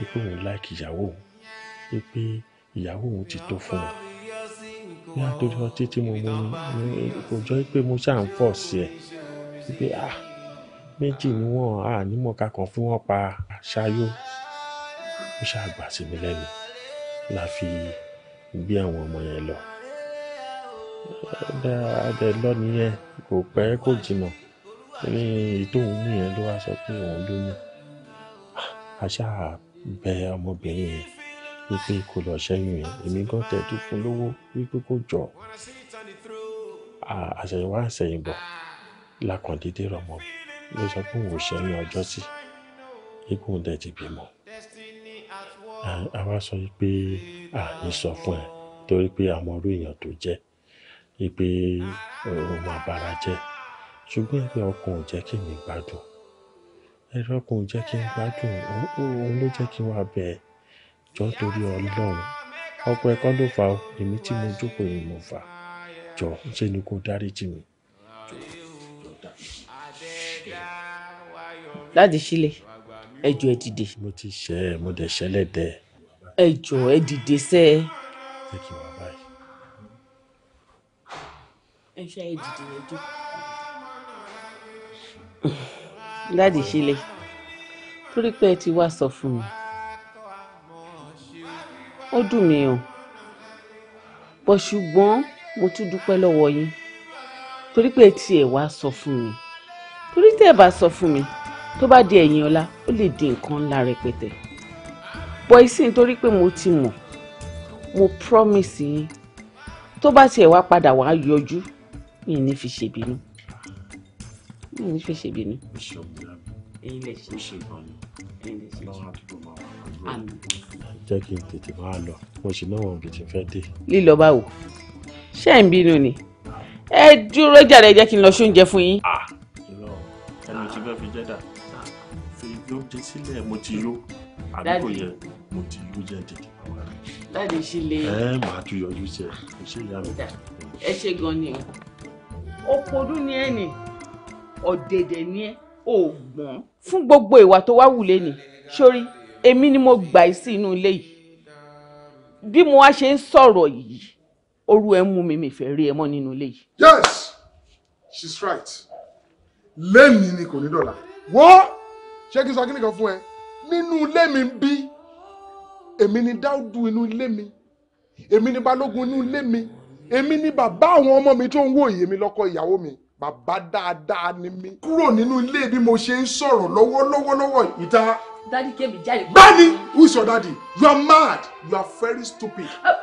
ikú òun láìkì ìyàwó òun wípé ìyàwó òun ti tó fún un ní àtòjọ títí mo mú ní kò pé mo ṣáà ń fọ̀ sí ẹ̀ wípé ah méjì ni wọ́n à nímọ̀ kakàn fún wọn pa ṣáyó ó ṣáà gbà sí mi lẹ́nu la fi gbé àwọn ọmọ yẹn lọ dáadẹ lọ nìyẹn kò pẹ́ kò jìnnà ní ìtòhún nìyẹn ló wá sọ pé òun lóyún àṣà bẹ ọmọbìnrin yẹn wípé kò lọ ṣẹ́yìn yẹn èmi gan tẹ̀ tó fún lówó wípé kò jọ àṣẹyìnwá àṣẹyìnbọ̀ lákàndédé rọmọ ló sọ pé òun ò ṣẹ́yìn ọjọ́ sí ikú ń dẹ̀ ti bímọ àwa sọ pé àní sọ fún ẹ torí pé àmọ́ orú èèyàn tó jẹ́ pé òun àbára jẹ́ ṣùgbọ́n ẹgbẹ́ ọkùnrin ò jẹ́ kí mi gbádùn ẹ̀rọ ọkùnrin ò jẹ́ kí n gbádùn òun ló jẹ́ kí n wá bẹ́ẹ̀ jọ́ torí Ọlọ́run ọ̀pọ̀ ẹ̀kọ́ ló fà ó èmi tí mo jókòó ni mo fà jọ ṣe ni kò dáríjì mi. láti sílẹ̀ ẹjọ́ ẹ dìde. mo ti ṣe é mo dẹ̀ ṣẹlẹ̀ dẹ́. ẹjọ́ ẹ dìde sẹ́ ẹ. jẹ́ kí n wá báyìí. ẹ ṣe ẹ dìde ẹjọ́. láti sílẹ̀ torí pé ẹ ti wá sọ fún mi ó dùn mí o bọ́ ṣùgbọ́n mo tún dúpẹ́ lọ́wọ́ yín torí pé tí ẹ wá sọ fún mi torí tẹ́ ẹ bá sọ fún mi tó bá di ẹ̀yìn ọ̀la ó lè di nǹkan ńlá rẹpẹtẹ bọ́ ìsìn torí pé mo ti mọ̀ mo promise yín tó bá tiẹ̀ wá padà wá yọjú mi ní fi ṣèbínú mi ní fi ṣèbínú. ẹ̀yin lè ṣe é. ẹ̀yin lè ṣe é jẹ́ kí n tètè máa lọ mo sì náà wọn tètè fẹ́ dé. lílọ báwo ṣé ẹ ń bínú ni ẹ dúró jàre jẹ́ kí n lọ sóúnjẹ fún yín. ìrọ ah, ẹnu tí bẹ́ẹ̀ fi jẹ́dà fi lóúnjẹ sílẹ̀ mo ti yó àdúgbò yẹn mo ti yó jẹ́ tètè máa rẹ̀. láti ṣe lè. ẹ máa tún yọjú sí ẹ kò ṣe ìyá mi. ẹ ṣe gan ni o òpòdú ni ẹ ní ọ̀dẹ̀dẹ̀ ni ẹ ògbọ́n fún gbogbo ìwà tó wá wù lé ni sórí èmi ni mo gbà í sí inú ilé yìí bí mo wá ṣe ń sọ̀rọ̀ yìí oru ẹ̀ ń mú mi mi fẹ́ rí ẹ mọ́ nínú ilé yìí. yes she's right lẹ́mìí ni kò ní dọ̀la wọ́n ṣé kí n sọ kí nìkan fún ẹ nínú ilé mi ń bí èmi ni dáúdù inú ilé mi èmi ni balógun inú ilé mi èmi ni bàbá àwọn ọmọ mi tó ń wò yé mi lọ́kọ ìyàwó mi bàbá dáadáa ni mi kúrò nínú ilé bí mo ṣe ń sọ̀rọ̀ lọ́wọ́lọ́wọ́ ìta Daddy dadi kemi jáde. bani who is your daddy you are mad you are very stupid uh,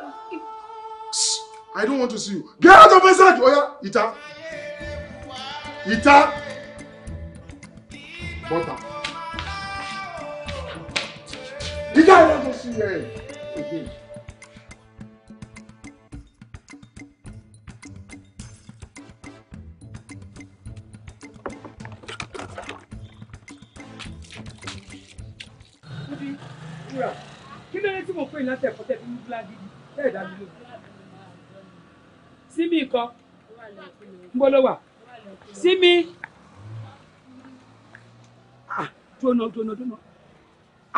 i don't want to see you get out of my sight oya ita ita bọta ita i don't want to see you again. fúra kí ló dé tí mo pè ní látẹ̀kọ́ tẹ́ fi ń búlá gidi tẹ́ ẹ̀dá mi lò. sími kọ́ ń bọ́ ló wà sími dúnà dúnà dúnà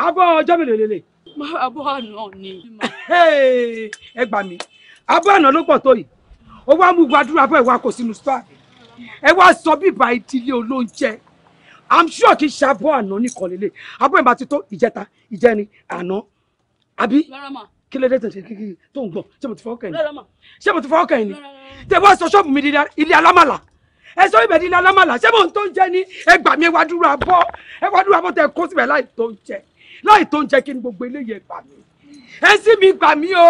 abọ́ ọjọ́ mélòó lélẹ̀. abọ́ àná ni. ẹ gbà mí abọ́ àná ló pọ̀ tó yìí ó wá mú gbàdúrà bọ́ ẹ̀ wá kò sínú spa ẹ wá sọ bíbá ìdílé olóúnjẹ i'm sure kì í ṣàbọ̀ àná nìkan lélẹ̀ abọ́ ìbá ti tó ìjẹta ìjẹni àná àbí kí ló dé tó ń ṣe kíkí tó ń gbọ̀n ṣé mo ti fọwọ́ kàn yín ṣé mo ti fọwọ́ kàn yín ni tẹ bá sọ ṣọ́ọ̀bù mi di ilé alámàlà ẹ sọ ibẹ̀ di ilé alámàlà ṣé mo ń tó ń jẹ ní ẹgbà mi ẹwà dúró abọ́ ẹwà dúró abọ́ tẹ kó síbẹ̀ láì tó ń jẹ láì tó ń jẹ kí ni gbogbo eléyìí ẹgbà mi ẹ sì mi gbà mí o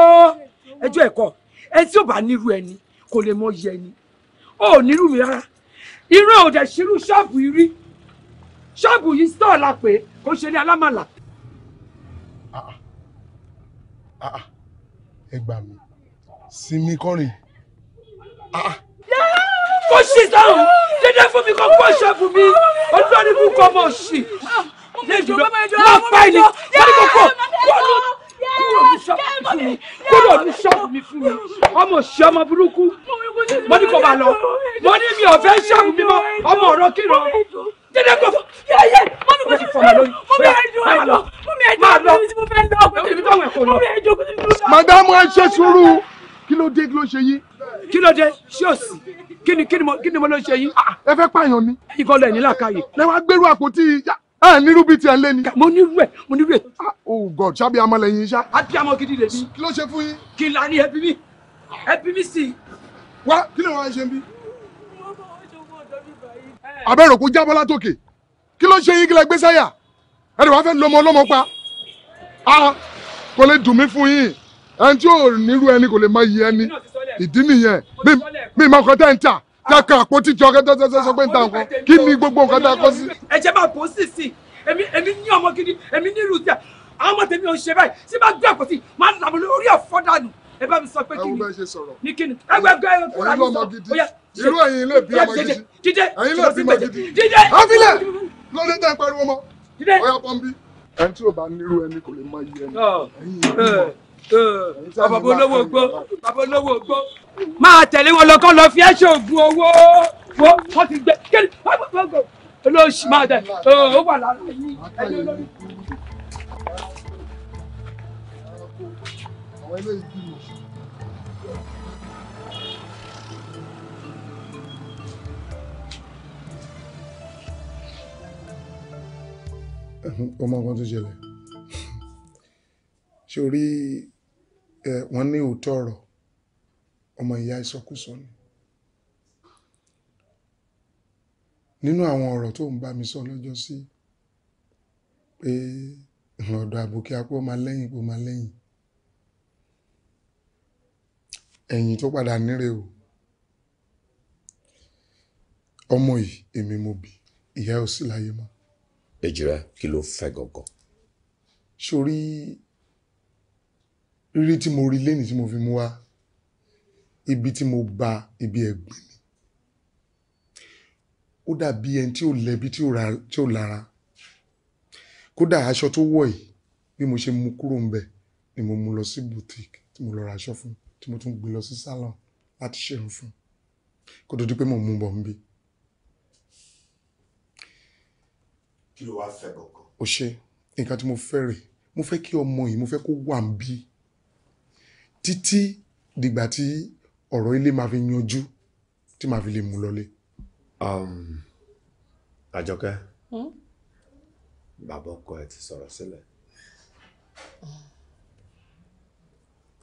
ẹjọ́ ẹ̀kọ́ ẹ ò bá nírú ẹni kò lè mọ yẹ ni ò nírú mi rárá irú ò dẹ̀ ṣerú ṣọ́ọ̀bù yìí rí ṣọ́ọ̀bù yìí stọ́ọ̀ la pé kò ṣe ní alámàlà. Ah, ah. Ah, ẹ gbà mí sinmi kọrin. kò sí sáhùn dédé fún mi kò kó ṣọ́ọ̀bù mi olórí mú kọ́ mọ̀ sí lẹ́jọ́ máa pa ẹni lórí kókó kúrò ní ṣọ́ọ̀bù mi kúrò ní ṣọ́ọ̀bù mi fún mi ọmọ sí ọmọ burúkú mo ní kò bá lọ mo ní mi ò fẹ́ ṣọ́ọ̀bù mi mọ́ ọmọ ọ̀rọ̀ kìrọ̀ jẹjẹ kò fọ yẹyẹ mọmi kò sí fọmọ lórí mọmi ẹjọ ẹ lọ mọmi ẹjọ ẹ lọ mo fẹ́ lọ kò tẹbi tó wẹ kò lọ mọmi ẹjọ kò tẹbi tó lọ. madamu ẹ ṣe sùúrù kí ló dé kí ló ṣe yín. kí ló dé ṣọ́ọ̀ṣì kí ni kí ni mo kí ni mo ló ṣe yín. Ah, ah. ẹ fẹ́ pààyàn ni. ẹyin kan lẹ̀ ní làkàyè. lẹ́wọ̀n agbẹ́rù àpótí ẹ nírú bíi tiẹ̀ lé ni. mo nírú ẹ mo nírú ẹ. Ah, oh god ṣábí amọ lẹ́yìn a bí amọ gidi lè bí. kí ló ṣe fún yín. kí n la ní ẹbí mi ẹbí mi sì. wá kí ló wá ṣe bí abẹ́rò kó jábọ́ látòkè kí ló ṣe yín kí lẹ gbé sáyà ẹni wàá fẹ́ lọmọ ọlọ́mọ pa á kò lè dùn mí fún yín ẹni tí ò nírú ẹni kò lè má yí ẹni ìdí nìyẹn mi ìmọ̀ nǹkan tẹ́ ń tà jákè àpótí jọ kẹ́tọ́ tẹ́tẹ́ sọ pé ń ta nǹkan kí ni gbogbo nǹkan tá a kọ́ sí. ẹ jẹ́ bá a bọ́ sí èmi ní ọmọ gidi èmi ní ìlú tí a àwọn ọmọ tèmi ò ń ṣe báyìí ẹ bá mi sọ pé kí ni kí ni agbẹgbẹ ẹ kúrò àyè sọ bóyá irú ẹ̀yin lè bí ọmọ gidi jíjẹ ẹ̀yin lè bí ọmọ gidi jíjẹ àfilẹ lórí tẹ pẹrú ọmọ ọyà pọnbi ẹni tí o bá nírú ẹni kò lè má yí ẹni ẹ̀yin ìlú bàbá olówó gbó bàbá olówó gbó máa tẹ̀lé wọn lọ́kọ́ lọ fi ẹ̀ṣẹ̀ ògùn owó wo wọ́n ti gbé kéde gbogbo olóòṣì máa dẹ̀ ó wà lára yìí ẹni olórí ọmọ nǹkan tó ṣẹlẹ̀ ṣe orí ẹ wọ́n ní òótọ́ ọ̀rọ̀ ọmọ ìyá ìsọkúsọ ni nínú àwọn ọ̀rọ̀ tó ń bá mi sọ lọ́jọ́ sí pé ọ̀dọ̀ àbùkí apó máa lẹ́yìn pó máa lẹ́yìn ẹ̀yìn tó padà nírè o ọmọ yìí èmi mo bí ìyá ò sí láyé mọ́. èjìrà kí ló fẹ́ gọ̀gọ̀. sórí rírí tí mo rí lẹ́nìí tí mo fi mú wá ibi tí mo bá ibi ẹ̀gbìn ni ó dàbí ẹni tí ò lẹ́bi tí ò lára kódà aṣọ tó wọ̀ yìí bí mo ṣe mú kúrò ń bẹ̀ ni mo mú lọ sí boutique tí mo lọ ra aṣọ fún un tí mo tún gbé lọ sí salon láti ṣerun fún kó tó di pé mo mú bọ̀ ń bí. kí ló wáá fẹ́ gbọ̀ngàn. ó ṣe nǹkan tí mo fẹ́ rèé mo fẹ́ kí ọmọ yìí mo fẹ́ kó wà ń bí títí dìgbà tí ọ̀rọ̀ ilé máa fi yanjú tí màá fi lè mú lọlé. Um, àjọkẹ́ hmm? bàbá ọkọ ẹ ti sọ̀rọ̀ sílẹ̀. Hmm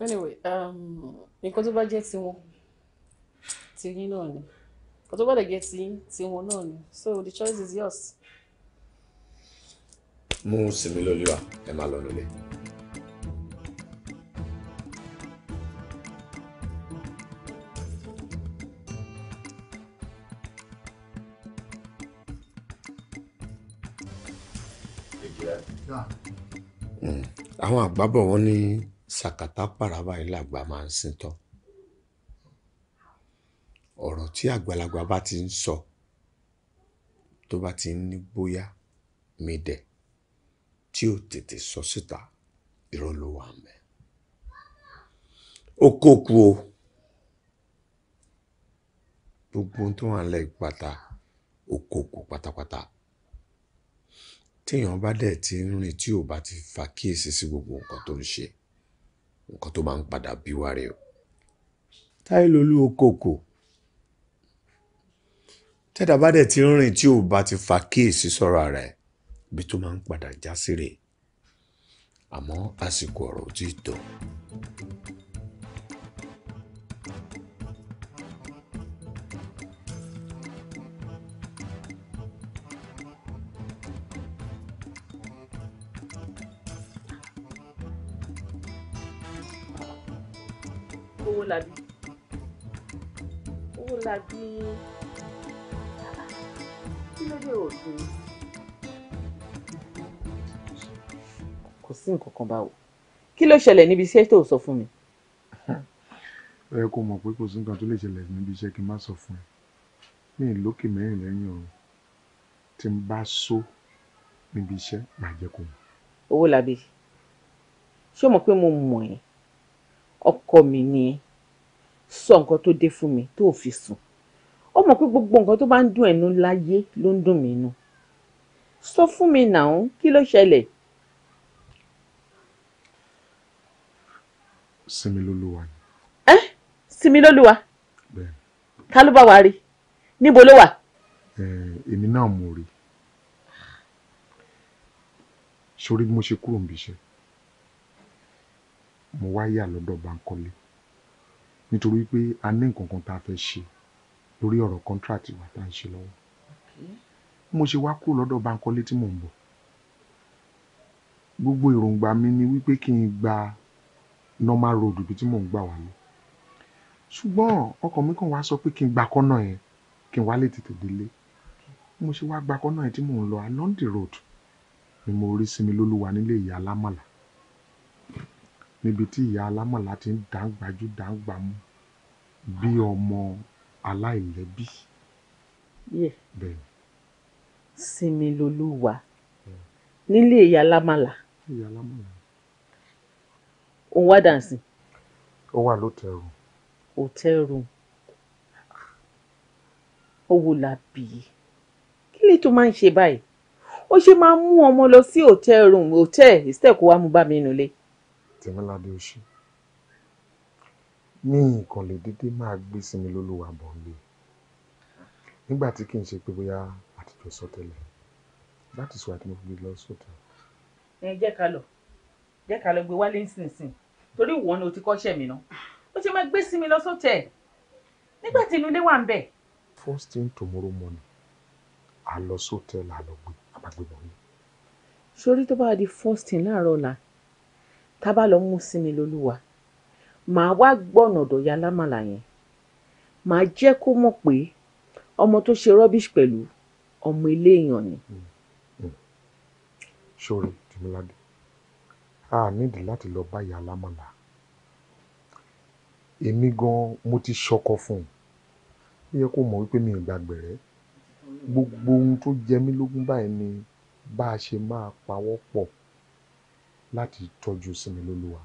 anyway um, nǹkan tó bá jẹ́ tiwọn ti yín náà ni nǹkan tó bá dẹ̀ jẹ́ ti yín tiwọn náà ni so the choice is yours. mú sinmi lórí wa ẹ máa lọ nílé. Hmm. àwọn àgbábọ̀ wọn ní. Ni sàkátà pàrà báyìí làgbà máa ń sin tán ọ̀rọ̀ tí àgbàlagbà bá ti ń sọ tó bá ti ń ní bóyá mi dẹ̀ tí ò tètè sọ síta irọ́ ló wà mẹ́ ó kóku o gbogbo tó wà nílẹ̀ pátá ó kóku pátápátá téèyàn bá dẹ̀ ti ń rìn tí ò bá ti fàkíyèsí sí gbogbo nǹkan tó ń ṣe nǹkan tó máa ń padà bí wá rèé o. táìlólú okòkò tẹ́tà bá dẹ̀ ti ń rìn tí ò bá ti fa kíyèsí sọ̀rọ̀ ara ẹ̀ ibi tó máa ń padà já sí rèé àmọ́ àsìkò ọ̀rọ̀ ò tí ì tó. owó làbí owó làbí kí ló dé òògùn. kò sí nǹkan kan báwo kí ló ṣẹlẹ̀ níbi iṣẹ́ tó sọ fún mi. ẹ kò mọ̀ pé kò sí nǹkan tó lè ṣẹlẹ̀ níbi iṣẹ́ kí n má sọ fún ẹ mi ì lókè mẹ́rin lẹ́yìn ọ̀run tí n bá sọ níbi iṣẹ́ màá jẹ́ kó mọ̀. owó làbí ṣé o mọ̀ pé mo mọ̀ ẹ́ ọkọ mi ni ẹ́ sọ nǹkan tó dé fún mi tó fi sùn ó mọ̀ pé gbogbo nǹkan tó bá ń dùn ẹnu láyé ló ń dùn mí nù sọ fún mi nàún kí ló ṣẹlẹ̀. sinmi lólúwa ni. ẹ sinmi lólúwa ká ló bá wa rí níbo ló wà. èmi náà mo rí sórí bí mo ṣe kúrò níbi iṣẹ́ mo wá yà lọ́dọ̀ Bankole nítorí pé a ní nǹkan kan tá a fẹ́ ṣe lórí ọ̀rọ̀ contract wa tá a ń ṣe lọ́wọ́ mo ṣe wá kúrò lọ́dọ̀ Bankole tí mò ń bọ̀ gbogbo èròǹgbà mi ni wípé kí n gba normal road ibi tí mò ń gbà wá lọ ṣùgbọ́n ọkàn mi kàn wá sọ pé kí n gba kọ́nà yẹn kí n wá lè tètè délé mo ṣe wá gba kọ́nà yẹn tí mò ń lọ along the road ni mo rí Sinmi Lólúwa nílé ìyá alámàlà níbi tí ìyá alámọ̀là ti ń dàǹgbájú dàǹgbámú bí ọmọ aláìlẹ́bí. bẹ́ẹ̀ sinmi lolúwa nílé ìyá alámàlà. ìyá alámàlà. òun wá dànsìn. ó wà lótẹ́ẹ̀rù. òtẹ́ẹ̀rù owó la bì í kí lè tó máa ń ṣe báyìí ó ṣe máa ń mú ọmọ lọ sí òtẹ́ẹ̀rù òtẹ́ẹ̀ ìsítẹ̀kù wa mú bá mi nulẹ̀. Tèmiládé Òṣì. Mi kàn lè dédé máa gbé Sinmilolúwa bọ̀ nílé. Nígbà tí kì í ṣe pé bóyá a ti jọ sọ tẹ́lẹ̀. That is why tí mo fi gbé lọ sóòtọ̀. Ẹ jẹ́ ká lọ, jẹ́ ká lọ gbé wálé nísinsìnyí torí ìwọ ni o ti kọ́ṣẹ́ mi ná. Ó ṣe máa gbé sí mi lọ sóòtẹ̀ nígbà tí inú ilé wà ń bẹ̀. First thing tomorrow morning, a lọ sóòtẹ̀ la lọ gbé, a bá gbé bọ̀ ní. Sori tó bá di first thing láàárọ̀ ọ̀la, tá a bá lọ mú sí mi lólúwa màá wá gbọ́nà ọ̀dọ̀ ya lámàlà yẹn màá jẹ́ kó mọ̀ pé ọmọ tó ṣe rubbish pẹ̀lú ọmọ eléèyàn ni. Mm, mm. ṣòro tìmíládé a nídìí láti lọ bá ìyá lámàlà èmi gan mo ti ṣọkọ fún un ó yẹ kó mọ̀ wípé mi ì gbàgbé rẹ̀ gbogbo ohun tó jẹ mí lógún báyìí ni bá a ṣe máa pawọ́ pọ̀ láti tọ́jú sí mi lólúwa.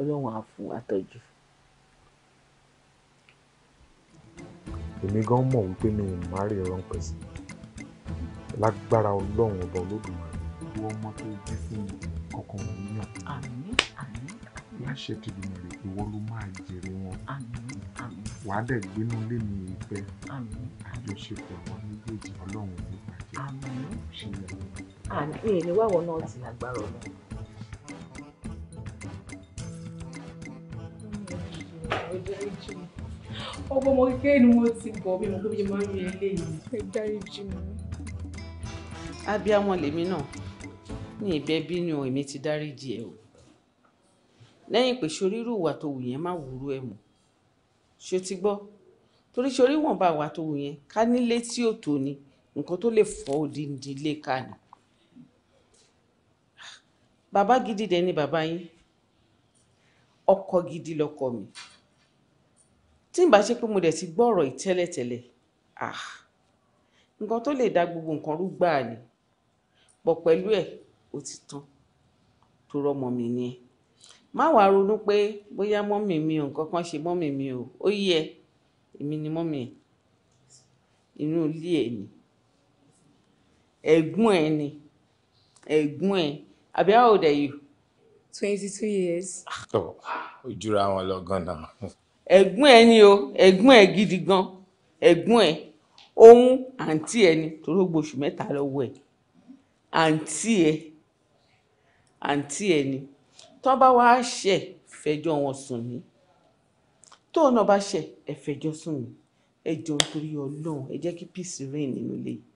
ọlọ́run á fún wa tọ́jú. èmi gan mọ̀ wípé mi ò má rí ẹran pẹ̀sì lágbára ọlọ́run ọba olódùmarè. ìwọ ọmọ tó jẹ́ fún mi ọkàn mi yàn. àmín àmín. láṣẹ tìdùmọ̀rẹ̀ ìwọ ló máa jèrè wọn. àmín àmín. wàá dẹ̀ gbénú lé mi ìfẹ́. àmín. àjọṣepọ̀ àwọn méjèèjì ọlọ́run ló àmọ́ ṣe àmì èrè wáwọ̀ náà ti lágbára ọ̀nà. ọgbọ́n ọmọ kékeré ni mo ti bọ̀ bí mo gbé máa ń rí eléyìí. ẹ dárí jì mí. abiyamọ lèmi náà ní ìbẹ bínú èmi ti dáríjì ẹ o lẹ́yìn pé ṣorírù ìwà tó wù yẹn má wúru ẹ mọ́ ṣó ti gbọ́ torí ṣorí wọ̀nba ìwà tó wù yẹn ká nílé tí ò tó ni nǹkan tó lè fọ́ òdìndí ilé ká ni bàbá gidi dẹ̀ ni bàbá yín ọkọ gidi lọkọ mi tí n bá ṣe pé mo dẹ̀ ti gbọ́ ọ̀rọ̀ yìí tẹ́lẹ̀tẹ́lẹ̀ ah nǹkan tó lè dá gbogbo nǹkan rú gbáà ni pọ̀ pẹ̀lú ẹ̀ ó ti tán tó rọ́mọ mi ni ẹ̀ má wàá ronú pé bóyá mọ́mì mi ò nǹkan kan ṣe mọ́mì mi ò ó yẹ èmi ni mọ́mì ẹ̀ inú ilé ẹ̀ ni ẹ̀gbọ́n ẹ ni ẹ̀gbọ́n ẹ àbí how old are you. twenty two years. tó o jura wọn lọ ganan. ẹ̀gbọ́n ẹ ni o ẹ̀gbọ́n ẹ gidi gan ẹ̀gbọ́n ẹ òun àǹtí ẹ ni torí ó gbóṣù mẹ́ta lọ́wọ́ ẹ àǹtí ẹ àǹtí ẹ ni tó bá wá ṣe fẹjọ́ wọn sùn mí tó ọ̀nà bá ṣe ẹ sùn mí ẹ jọ nítorí Ọlọ́run ẹ jẹ́ kí peace reign nínú ilé yìí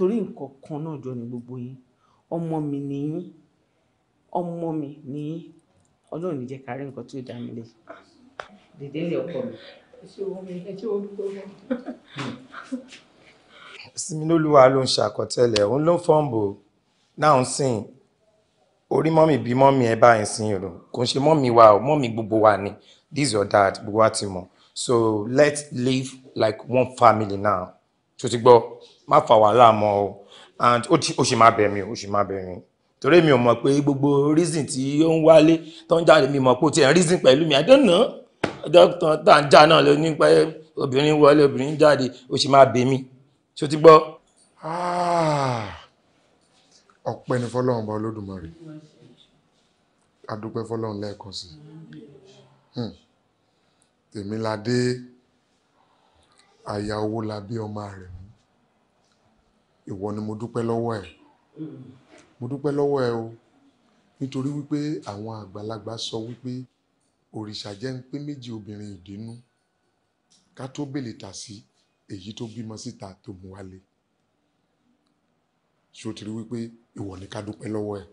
torí nǹkan kan náà jọ ni gbogbo yín ọmọ mi nìyín ọmọ mi nìyín ọlọ́run ní jẹ́ ká rí nǹkan tí ó dá mi lé dèdè ní ọkọ mi. Similolúwa ló ń ṣàkọtẹ́lẹ̀ òun ló ń fọ́ǹbò náà ń sìn orí mọ́mì bí mọ́mì ẹ báyìí sìn rò kò ń ṣe mọ́mì wa o mọ́mì gbogbo wa ni this your dad gbogbo wa ti mọ̀ so let's live like one family now tó ti gbọ́ má fà wàhálà mọ́ o and ó sì máa bẹ̀ mí ó sì máa bẹ̀ mí torí mi ò mọ̀ pé gbogbo reason tí ó ń wálé tó ń jáde mi mọ̀ pé ó ti ẹ̀ reason pẹ̀lú mi I don't dókítà tá à ń já náà ló ní obìnrin wọlé obìnrin jáde ó sì máa bẹ̀ tó ti gbọ́. Ah! ọpẹ́ ni fọlọ́run bá olódùmarè adúpẹ́ fọlọ́run lẹ́ẹ̀kan sí i hmm. tèmi la dé aya owó la bí ọmọ rẹ̀ mú ìwọ ni mo dúpẹ́ lọ́wọ́ ẹ̀ mo dúpẹ́ lọ́wọ́ ẹ o nítorí wípé àwọn àgbàlagbà sọ wípé òrìṣà jẹ́ ń pé méjì obìnrin ìdínú ká tó bèlè tà sí èyí tó bímọ síta tó mú wálé ṣé o ti rí wípé ìwọ ni ká dúpẹ́ lọ́wọ́ ẹ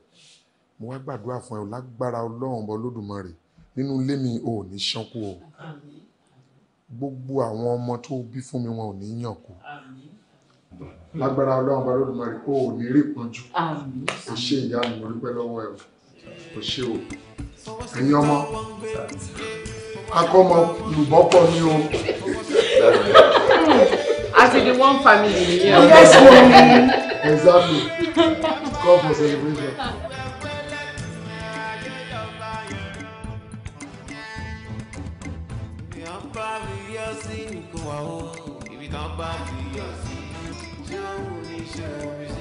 mo wá gbàdúrà fún ẹ lágbára ọlọ́run ọba olódùmarè nínú ilé mi ò ní ṣánkú o gbogbo àwọn ọmọ tó bí fún mi wọn ò ní yàn kú lágbára ọlọ́run bá lódùmọ̀ rí kó ò ní rí ìpọ́njú kò ṣe ìyá mi mo dúpẹ́ lọ́wọ́ ẹ̀ kò ṣe o ẹ̀yin ọmọ akọ́mọ lùbọ́ pọ̀ o. as in the one family. yes o exactly Come for celebration. bá ti yọ sí yóò ní